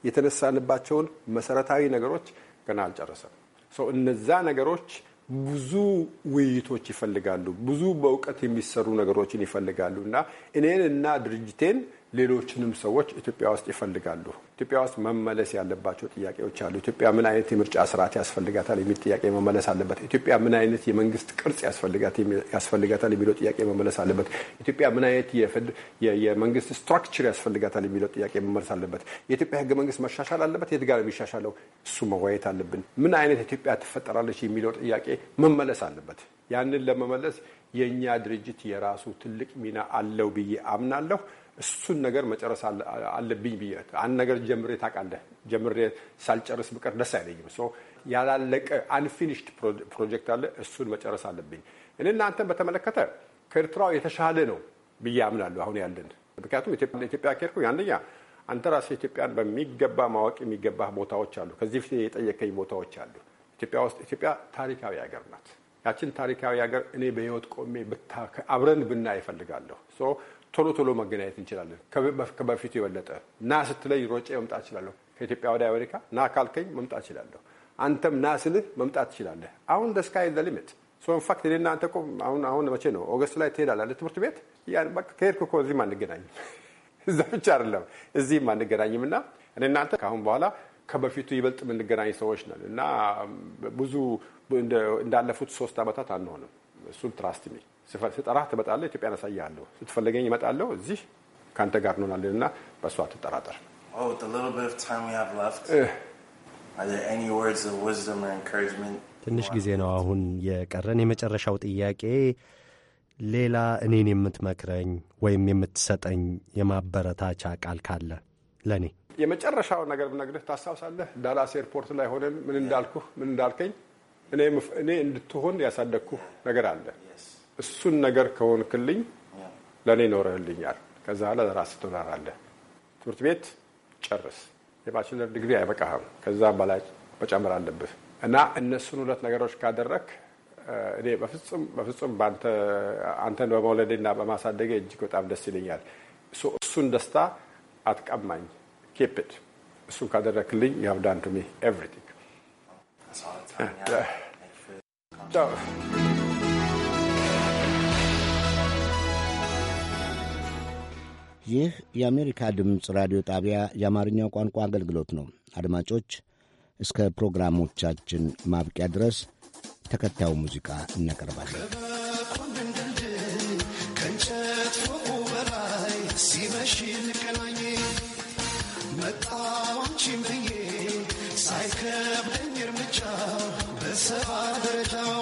የተነሳንባቸውን መሰረታዊ ነገሮች ገና አልጨረሰም። እነዛ ነገሮች ብዙ ውይይቶች ይፈልጋሉ። ብዙ በእውቀት የሚሰሩ ነገሮችን ይፈልጋሉ እና እኔን እና ድርጅቴን ሌሎችንም ሰዎች ኢትዮጵያ ውስጥ ይፈልጋሉ። ኢትዮጵያ ውስጥ መመለስ ያለባቸው ጥያቄዎች አሉ። ኢትዮጵያ ምን አይነት የምርጫ ስርዓት ያስፈልጋታል የሚል ጥያቄ መመለስ አለበት። ኢትዮጵያ ምን አይነት የመንግስት ቅርጽ ያስፈልጋታል የሚለው ጥያቄ መመለስ አለበት። ኢትዮጵያ ምን አይነት የመንግስት ስትራክቸር ያስፈልጋታል የሚለው ጥያቄ መመለስ አለበት። የኢትዮጵያ ህገ መንግስት መሻሻል አለበት። የት ጋር የሚሻሻለው እሱ መወያየት አለብን። ምን አይነት ኢትዮጵያ ትፈጠራለች የሚለው ጥያቄ መመለስ አለበት። ያንን ለመመለስ የእኛ ድርጅት የራሱ ትልቅ ሚና አለው ብዬ አምናለሁ። እሱን ነገር መጨረስ አለብኝ ብዬ አንድ ነገር ጀምሬ ታውቃለህ፣ ጀምሬ ሳልጨርስ ብቀር ደስ አይለኝም። ያላለቀ አንፊኒሽድ ፕሮጀክት አለ፣ እሱን መጨረስ አለብኝ። እኔ እናንተን በተመለከተ ከኤርትራው የተሻለ ነው ብዬ አምናለሁ አሁን ያለን። ምክንያቱም ኢትዮጵያ ኬርኩ አንደኛ አንተ ራስህ ኢትዮጵያን በሚገባ ማወቅ የሚገባ ቦታዎች አሉ። ከዚህ ፊት የጠየቀኝ ቦታዎች አሉ ኢትዮጵያ ውስጥ። ኢትዮጵያ ታሪካዊ ሀገር ናት። ያችን ታሪካዊ ሀገር እኔ በህይወት ቆሜ አብረን ብናይ እፈልጋለሁ። ቶሎ ቶሎ መገናኘት እንችላለን። ከበፊቱ የበለጠ ና ስትለኝ ሮጬ መምጣት እችላለሁ። ከኢትዮጵያ ወደ አሜሪካ ና ካልከኝ መምጣት እችላለሁ። አንተም ና ስልህ መምጣት ትችላለህ። አሁን ደ ስካይ ዘ ሊሚት ሶ ኢንፋክት እኔና አንተ እኮ አሁን አሁን መቼ ነው ኦገስት ላይ ትሄዳለህ ትምህርት ቤት ከሄድክ እኮ እዚህም አንገናኝም። እዛ ብቻ አይደለም እዚህም አንገናኝም። እና እኔና አንተ ከአሁን በኋላ ከበፊቱ ይበልጥ የምንገናኝ ሰዎች ነን እና ብዙ እንዳለፉት ሶስት ዓመታት አንሆንም። እሱን ትራስት ሚ ስጠራህ ትመጣለህ፣ ኢትዮጵያን አሳያለሁ፣ ስትፈለገኝ እመጣለሁ፣ እዚህ ከአንተ ጋር እንሆናለን እና በእሱ አትጠራጠር። ትንሽ ጊዜ ነው አሁን የቀረን። የመጨረሻው ጥያቄ ሌላ እኔን የምትመክረኝ ወይም የምትሰጠኝ የማበረታቻ ቃል ካለ ለእኔ የመጨረሻው ነገር ብነግርህ ታስታውሳለህ? ዳላስ ኤርፖርት ላይ ሆነን ምን እንዳልኩህ ምን እንዳልከኝ እኔ እንድትሆን ያሳደግኩህ ነገር አለ እሱን ነገር ከሆንክልኝ ለእኔ ኖረህልኛል። ከዛ ለራስህ ትኖራለህ። ትምህርት ቤት ጨርስ። የባችለር ዲግሪ አይበቃህም። ከዛ በላይ መጨመር አለብህ እና እነሱን ሁለት ነገሮች ካደረክ እኔ በፍጹም በፍጹም አንተን በመውለዴና በማሳደጌ እጅግ በጣም ደስ ይለኛል። እሱን ደስታ አትቀማኝ። ኬፕድ እሱን ካደረክልኝ ያብዳንቱሚ ኤቭሪቲንግ ይህ የአሜሪካ ድምፅ ራዲዮ ጣቢያ የአማርኛው ቋንቋ አገልግሎት ነው። አድማጮች እስከ ፕሮግራሞቻችን ማብቂያ ድረስ ተከታዩ ሙዚቃ እናቀርባለን። ከእንጨት ፎቁ በላይ ሲመሽ እንገናኝ መጣሁ አንቺን ብዬ ሳይከብደኝ እርምጃው በሰባ ደረጃው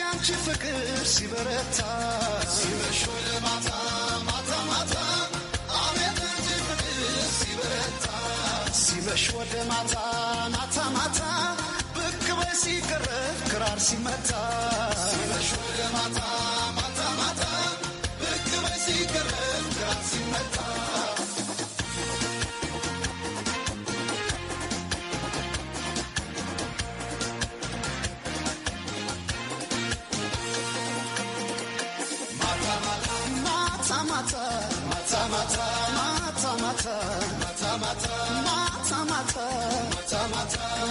ያንቺ ፍቅር ሲበረታ ማታ ማታ ማታ ሲመሽ ወደ ማታ ማታ ማታ ብቅ በይ ክራር ሲመታ ሲመሽ ወደ ማታ ማታ ማታ ብቅ በይ ክራር ሲመታ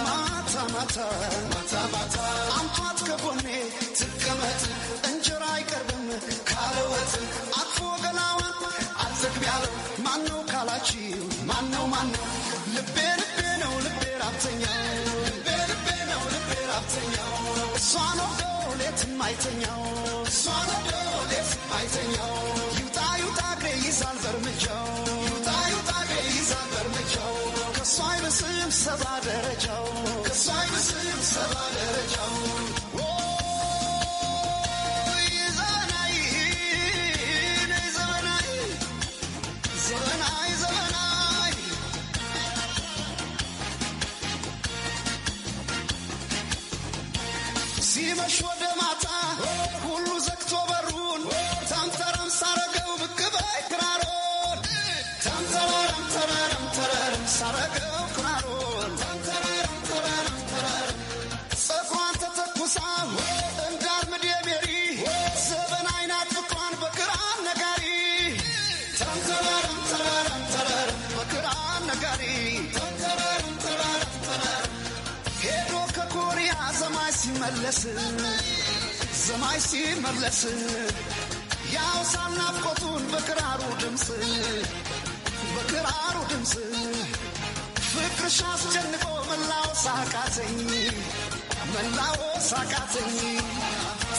ማታ ማታ ማታ ማታ አምጧት ከጎኔ ትቀመጥ እንጀራ አይቀርብም ካለወት አቅፎ ገላዋን አዘግቢ ያለው ማነው ካላችሁ ማነው ማነው ልቤ ልቤ ነው ልቤ ራብተኛው ልቤ ልቤ ነው ልቤ ራብተኛው እሷ ነው ሌትም አይተኛው እሷ ነው ሌትም አይተኛው ይውጣ ይውጣ እግሬ ይዛል ዘርምጃው ሰባ ደረጃው ሲመለስ ዘማይ ሲመለስ ያው ሳናፍቆቱን በክራሩ ድምፅ በክራሩ ድምፅ ፍቅርሽ አስጨንቆ መላው ሳቃተኝ መላው ሳቃተኝ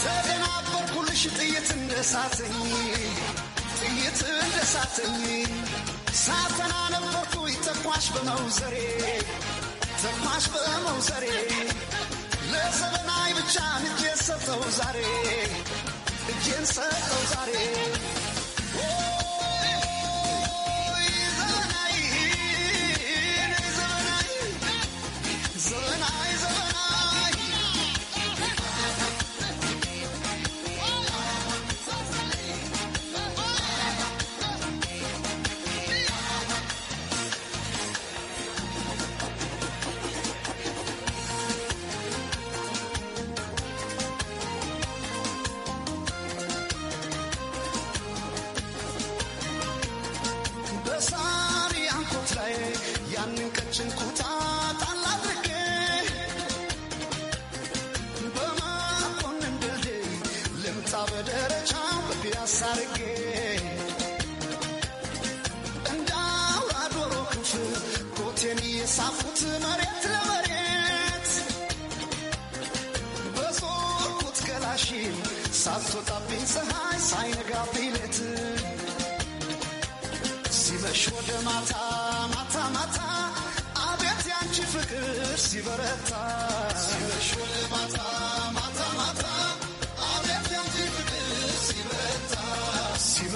ተደናበርኩልሽ ጥይት እንደሳተኝ ጥይት እንደሳተኝ ሳተና ነበርኩ ተኳሽ በመውዘሬ ተኳሽ በመውዘሬ ለዘመናይ ብቻ ንጀሰተው ዛሬ እጄን ሰጠው ዛሬ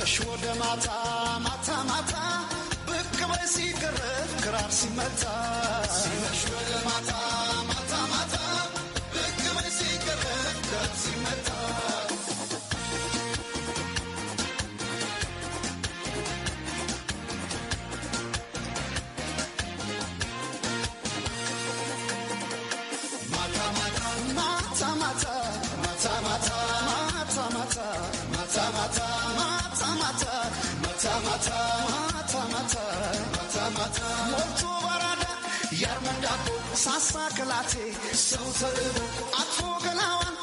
ከመሸሽ ወደ ማታ ማታ ማታ ብቅ በይ ሲቀረብ ክራር ሲመታ ሲመሽ ወደ ማታ ማታ ማታ ሳሳ ገላቴ ሰው ተርቦ አጥፎ ገላዋን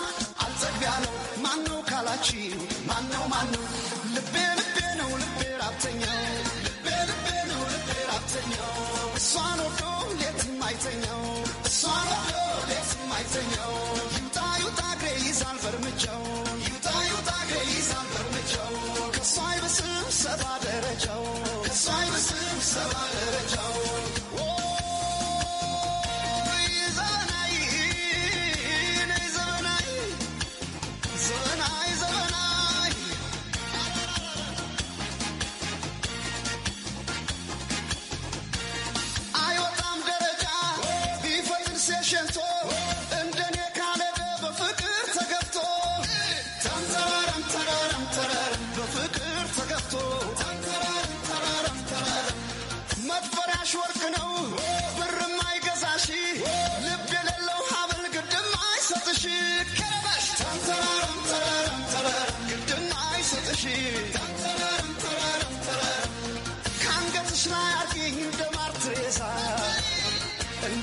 አልጸጋ ነው ማነው ካላች ማነው ማነው ልቤ ልቤ ነው ልቤ ራብተኛው ልቤ ልቤ ነው ልቤ ራብተኛው እሷን ወዶ ሌት አይተኛው እሷን ወዶ ይዛል በርምጃው ይውጣ ይውጣ እግሬ ይዛል በርምጃው ሰባ ደረጃው ሰባ ደረጃው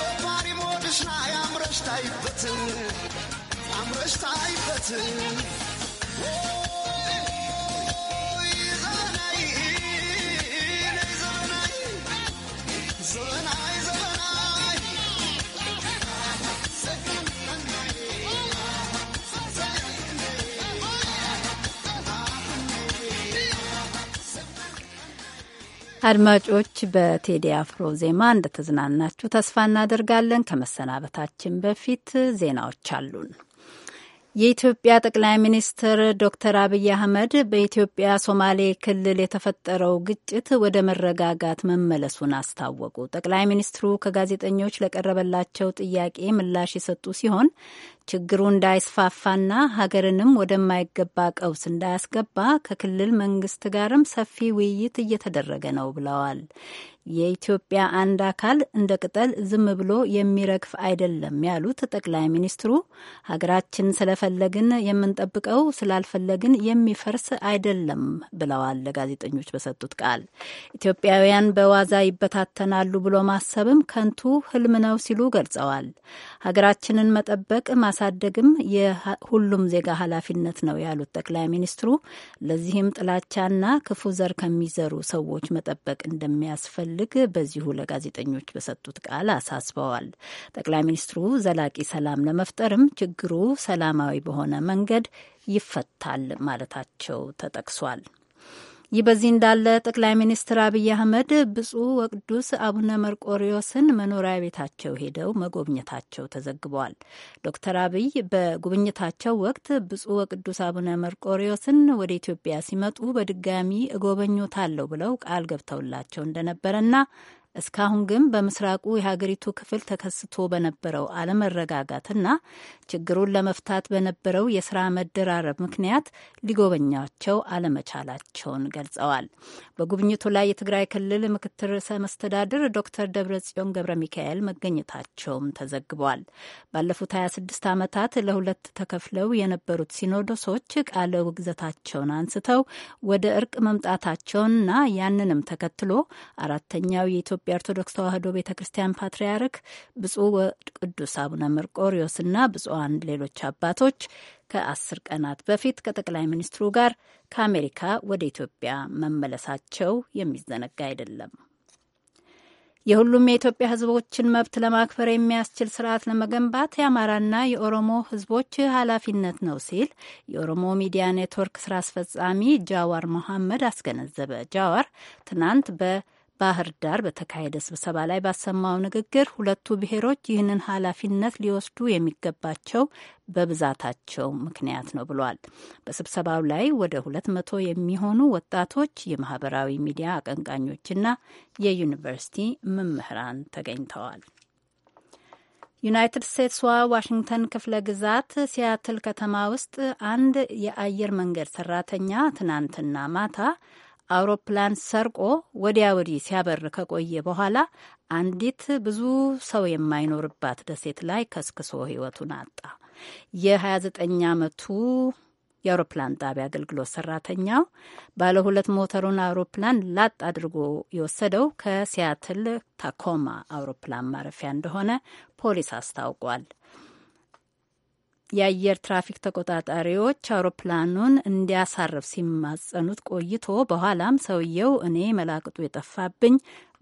በባሪ ሞድሽና አምረሽ ታይበትን አምረሽ ታይበትን አድማጮች በቴዲ አፍሮ ዜማ እንደተዝናናችሁ ተስፋ እናደርጋለን። ከመሰናበታችን በፊት ዜናዎች አሉን። የኢትዮጵያ ጠቅላይ ሚኒስትር ዶክተር አብይ አህመድ በኢትዮጵያ ሶማሌ ክልል የተፈጠረው ግጭት ወደ መረጋጋት መመለሱን አስታወቁ። ጠቅላይ ሚኒስትሩ ከጋዜጠኞች ለቀረበላቸው ጥያቄ ምላሽ የሰጡ ሲሆን ችግሩ እንዳይስፋፋና ሀገርንም ወደማይገባ ቀውስ እንዳያስገባ ከክልል መንግስት ጋርም ሰፊ ውይይት እየተደረገ ነው ብለዋል። የኢትዮጵያ አንድ አካል እንደ ቅጠል ዝም ብሎ የሚረግፍ አይደለም ያሉት ጠቅላይ ሚኒስትሩ ሀገራችን ስለፈለግን የምንጠብቀው ስላልፈለግን የሚፈርስ አይደለም ብለዋል። ለጋዜጠኞች በሰጡት ቃል ኢትዮጵያውያን በዋዛ ይበታተናሉ ብሎ ማሰብም ከንቱ ህልም ነው ሲሉ ገልጸዋል። ሀገራችንን መጠበቅ ማሳደግም የሁሉም ዜጋ ኃላፊነት ነው ያሉት ጠቅላይ ሚኒስትሩ ለዚህም ጥላቻና ክፉ ዘር ከሚዘሩ ሰዎች መጠበቅ እንደሚያስፈልግ በዚሁ ለጋዜጠኞች በሰጡት ቃል አሳስበዋል። ጠቅላይ ሚኒስትሩ ዘላቂ ሰላም ለመፍጠርም ችግሩ ሰላማዊ በሆነ መንገድ ይፈታል ማለታቸው ተጠቅሷል። ይህ በዚህ እንዳለ ጠቅላይ ሚኒስትር አብይ አህመድ ብፁዕ ወቅዱስ አቡነ መርቆሪዎስን መኖሪያ ቤታቸው ሄደው መጎብኘታቸው ተዘግበዋል። ዶክተር አብይ በጉብኝታቸው ወቅት ብፁዕ ወቅዱስ አቡነ መርቆሪዎስን ወደ ኢትዮጵያ ሲመጡ በድጋሚ እጎበኞታለሁ ብለው ቃል ገብተውላቸው እንደነበረና እስካሁን ግን በምስራቁ የሀገሪቱ ክፍል ተከስቶ በነበረው አለመረጋጋትና ችግሩን ለመፍታት በነበረው የስራ መደራረብ ምክንያት ሊጎበኛቸው አለመቻላቸውን ገልጸዋል። በጉብኝቱ ላይ የትግራይ ክልል ምክትል ርዕሰ መስተዳድር ዶክተር ደብረጽዮን ገብረ ሚካኤል መገኘታቸውም ተዘግቧል። ባለፉት 26 ዓመታት ለሁለት ተከፍለው የነበሩት ሲኖዶሶች ቃለ ውግዘታቸውን አንስተው ወደ እርቅ መምጣታቸውንና ያንንም ተከትሎ አራተኛው የኢትዮ የኢትዮጵያ ኦርቶዶክስ ተዋሕዶ ቤተ ክርስቲያን ፓትርያርክ ብፁዕ ቅዱስ አቡነ መርቆሪዎስና ብፁዓን ሌሎች አባቶች ከአስር ቀናት በፊት ከጠቅላይ ሚኒስትሩ ጋር ከአሜሪካ ወደ ኢትዮጵያ መመለሳቸው የሚዘነጋ አይደለም። የሁሉም የኢትዮጵያ ሕዝቦችን መብት ለማክበር የሚያስችል ስርዓት ለመገንባት የአማራና የኦሮሞ ሕዝቦች ኃላፊነት ነው ሲል የኦሮሞ ሚዲያ ኔትወርክ ስራ አስፈጻሚ ጃዋር መሐመድ አስገነዘበ። ጃዋር ትናንት በ ባህር ዳር በተካሄደ ስብሰባ ላይ ባሰማው ንግግር ሁለቱ ብሔሮች ይህንን ኃላፊነት ሊወስዱ የሚገባቸው በብዛታቸው ምክንያት ነው ብሏል። በስብሰባው ላይ ወደ ሁለት መቶ የሚሆኑ ወጣቶች፣ የማህበራዊ ሚዲያ አቀንቃኞችና የዩኒቨርሲቲ መምህራን ተገኝተዋል። ዩናይትድ ስቴትስዋ ዋሽንግተን ክፍለ ግዛት ሲያትል ከተማ ውስጥ አንድ የአየር መንገድ ሰራተኛ ትናንትና ማታ አውሮፕላን ሰርቆ ወዲያ ወዲህ ሲያበር ከቆየ በኋላ አንዲት ብዙ ሰው የማይኖርባት ደሴት ላይ ከስክሶ ሕይወቱን አጣ። የ29 ዓመቱ የአውሮፕላን ጣቢያ አገልግሎት ሰራተኛው ባለ ሁለት ሞተሩን አውሮፕላን ላጥ አድርጎ የወሰደው ከሲያትል ታኮማ አውሮፕላን ማረፊያ እንደሆነ ፖሊስ አስታውቋል። የአየር ትራፊክ ተቆጣጣሪዎች አውሮፕላኑን እንዲያሳርፍ ሲማጸኑት ቆይቶ በኋላም ሰውየው እኔ መላቅጡ የጠፋብኝ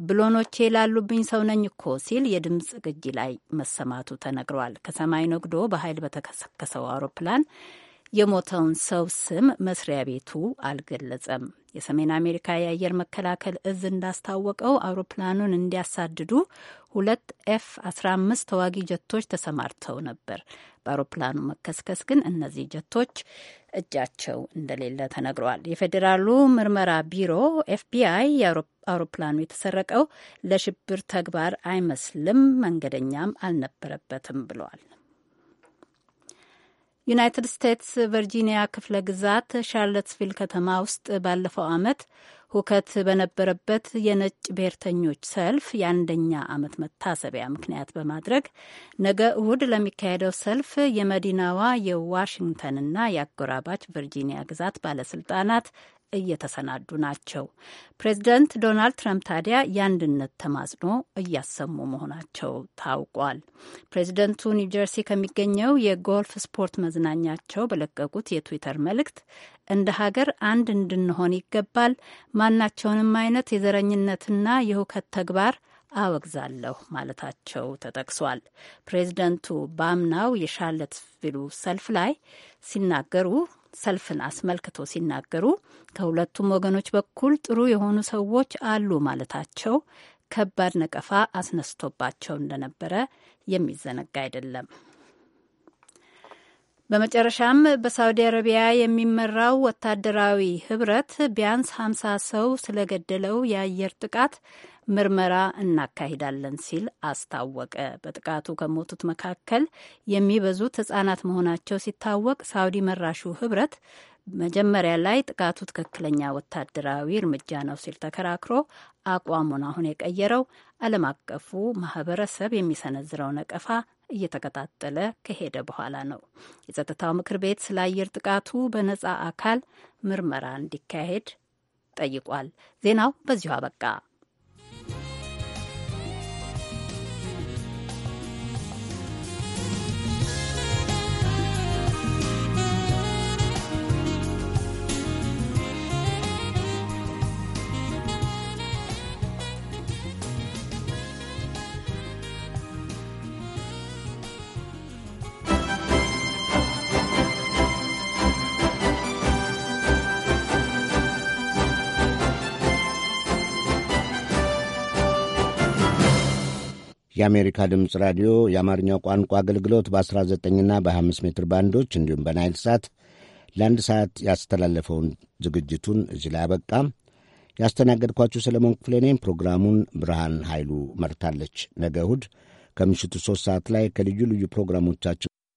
ብሎኖቼ ላሉብኝ ሰው ነኝ እኮ ሲል የድምፅ ቅጂ ላይ መሰማቱ ተነግሯል። ከሰማይ ነግዶ በኃይል በተከሰከሰው አውሮፕላን የሞተውን ሰው ስም መስሪያ ቤቱ አልገለጸም። የሰሜን አሜሪካ የአየር መከላከል እዝ እንዳስታወቀው አውሮፕላኑን እንዲያሳድዱ ሁለት ኤፍ 15 ተዋጊ ጀቶች ተሰማርተው ነበር። በአውሮፕላኑ መከስከስ ግን እነዚህ ጀቶች እጃቸው እንደሌለ ተነግሯል። የፌዴራሉ ምርመራ ቢሮ ኤፍቢአይ አውሮፕላኑ የተሰረቀው ለሽብር ተግባር አይመስልም፣ መንገደኛም አልነበረበትም ብሏል። ዩናይትድ ስቴትስ ቨርጂኒያ ክፍለ ግዛት ሻርለትስቪል ከተማ ውስጥ ባለፈው ዓመት ሁከት በነበረበት የነጭ ብሔርተኞች ሰልፍ የአንደኛ ዓመት መታሰቢያ ምክንያት በማድረግ ነገ እሁድ ለሚካሄደው ሰልፍ የመዲናዋ የዋሽንግተንና የአጎራባች ቨርጂኒያ ግዛት ባለስልጣናት እየተሰናዱ ናቸው። ፕሬዚደንት ዶናልድ ትራምፕ ታዲያ የአንድነት ተማጽኖ እያሰሙ መሆናቸው ታውቋል። ፕሬዚደንቱ ኒውጀርሲ ከሚገኘው የጎልፍ ስፖርት መዝናኛቸው በለቀቁት የትዊተር መልእክት እንደ ሀገር አንድ እንድንሆን ይገባል። ማናቸውንም አይነት የዘረኝነትና የሁከት ተግባር አወግዛለሁ ማለታቸው ተጠቅሷል። ፕሬዚደንቱ ባምናው የሻርለትስቪሉ ሰልፍ ላይ ሲናገሩ ሰልፍን አስመልክቶ ሲናገሩ ከሁለቱም ወገኖች በኩል ጥሩ የሆኑ ሰዎች አሉ ማለታቸው ከባድ ነቀፋ አስነስቶባቸው እንደነበረ የሚዘነጋ አይደለም። በመጨረሻም በሳውዲ አረቢያ የሚመራው ወታደራዊ ህብረት ቢያንስ ሀምሳ ሰው ስለገደለው የአየር ጥቃት ምርመራ እናካሂዳለን ሲል አስታወቀ። በጥቃቱ ከሞቱት መካከል የሚበዙት ህጻናት መሆናቸው ሲታወቅ ሳውዲ መራሹ ህብረት መጀመሪያ ላይ ጥቃቱ ትክክለኛ ወታደራዊ እርምጃ ነው ሲል ተከራክሮ አቋሙን አሁን የቀየረው ዓለም አቀፉ ማህበረሰብ የሚሰነዝረው ነቀፋ እየተቀጣጠለ ከሄደ በኋላ ነው። የጸጥታው ምክር ቤት ስለ አየር ጥቃቱ በነጻ አካል ምርመራ እንዲካሄድ ጠይቋል። ዜናው በዚሁ አበቃ። የአሜሪካ ድምፅ ራዲዮ የአማርኛው ቋንቋ አገልግሎት በ19ና በ25 ሜትር ባንዶች እንዲሁም በናይል ሳት ለአንድ ሰዓት ያስተላለፈውን ዝግጅቱን እዚህ ላይ አበቃ። ያስተናገድኳችሁ ሰለሞን ክፍሌ ነኝ። ፕሮግራሙን ብርሃን ኃይሉ መርታለች። ነገ እሁድ ከምሽቱ ሦስት ሰዓት ላይ ከልዩ ልዩ ፕሮግራሞቻችን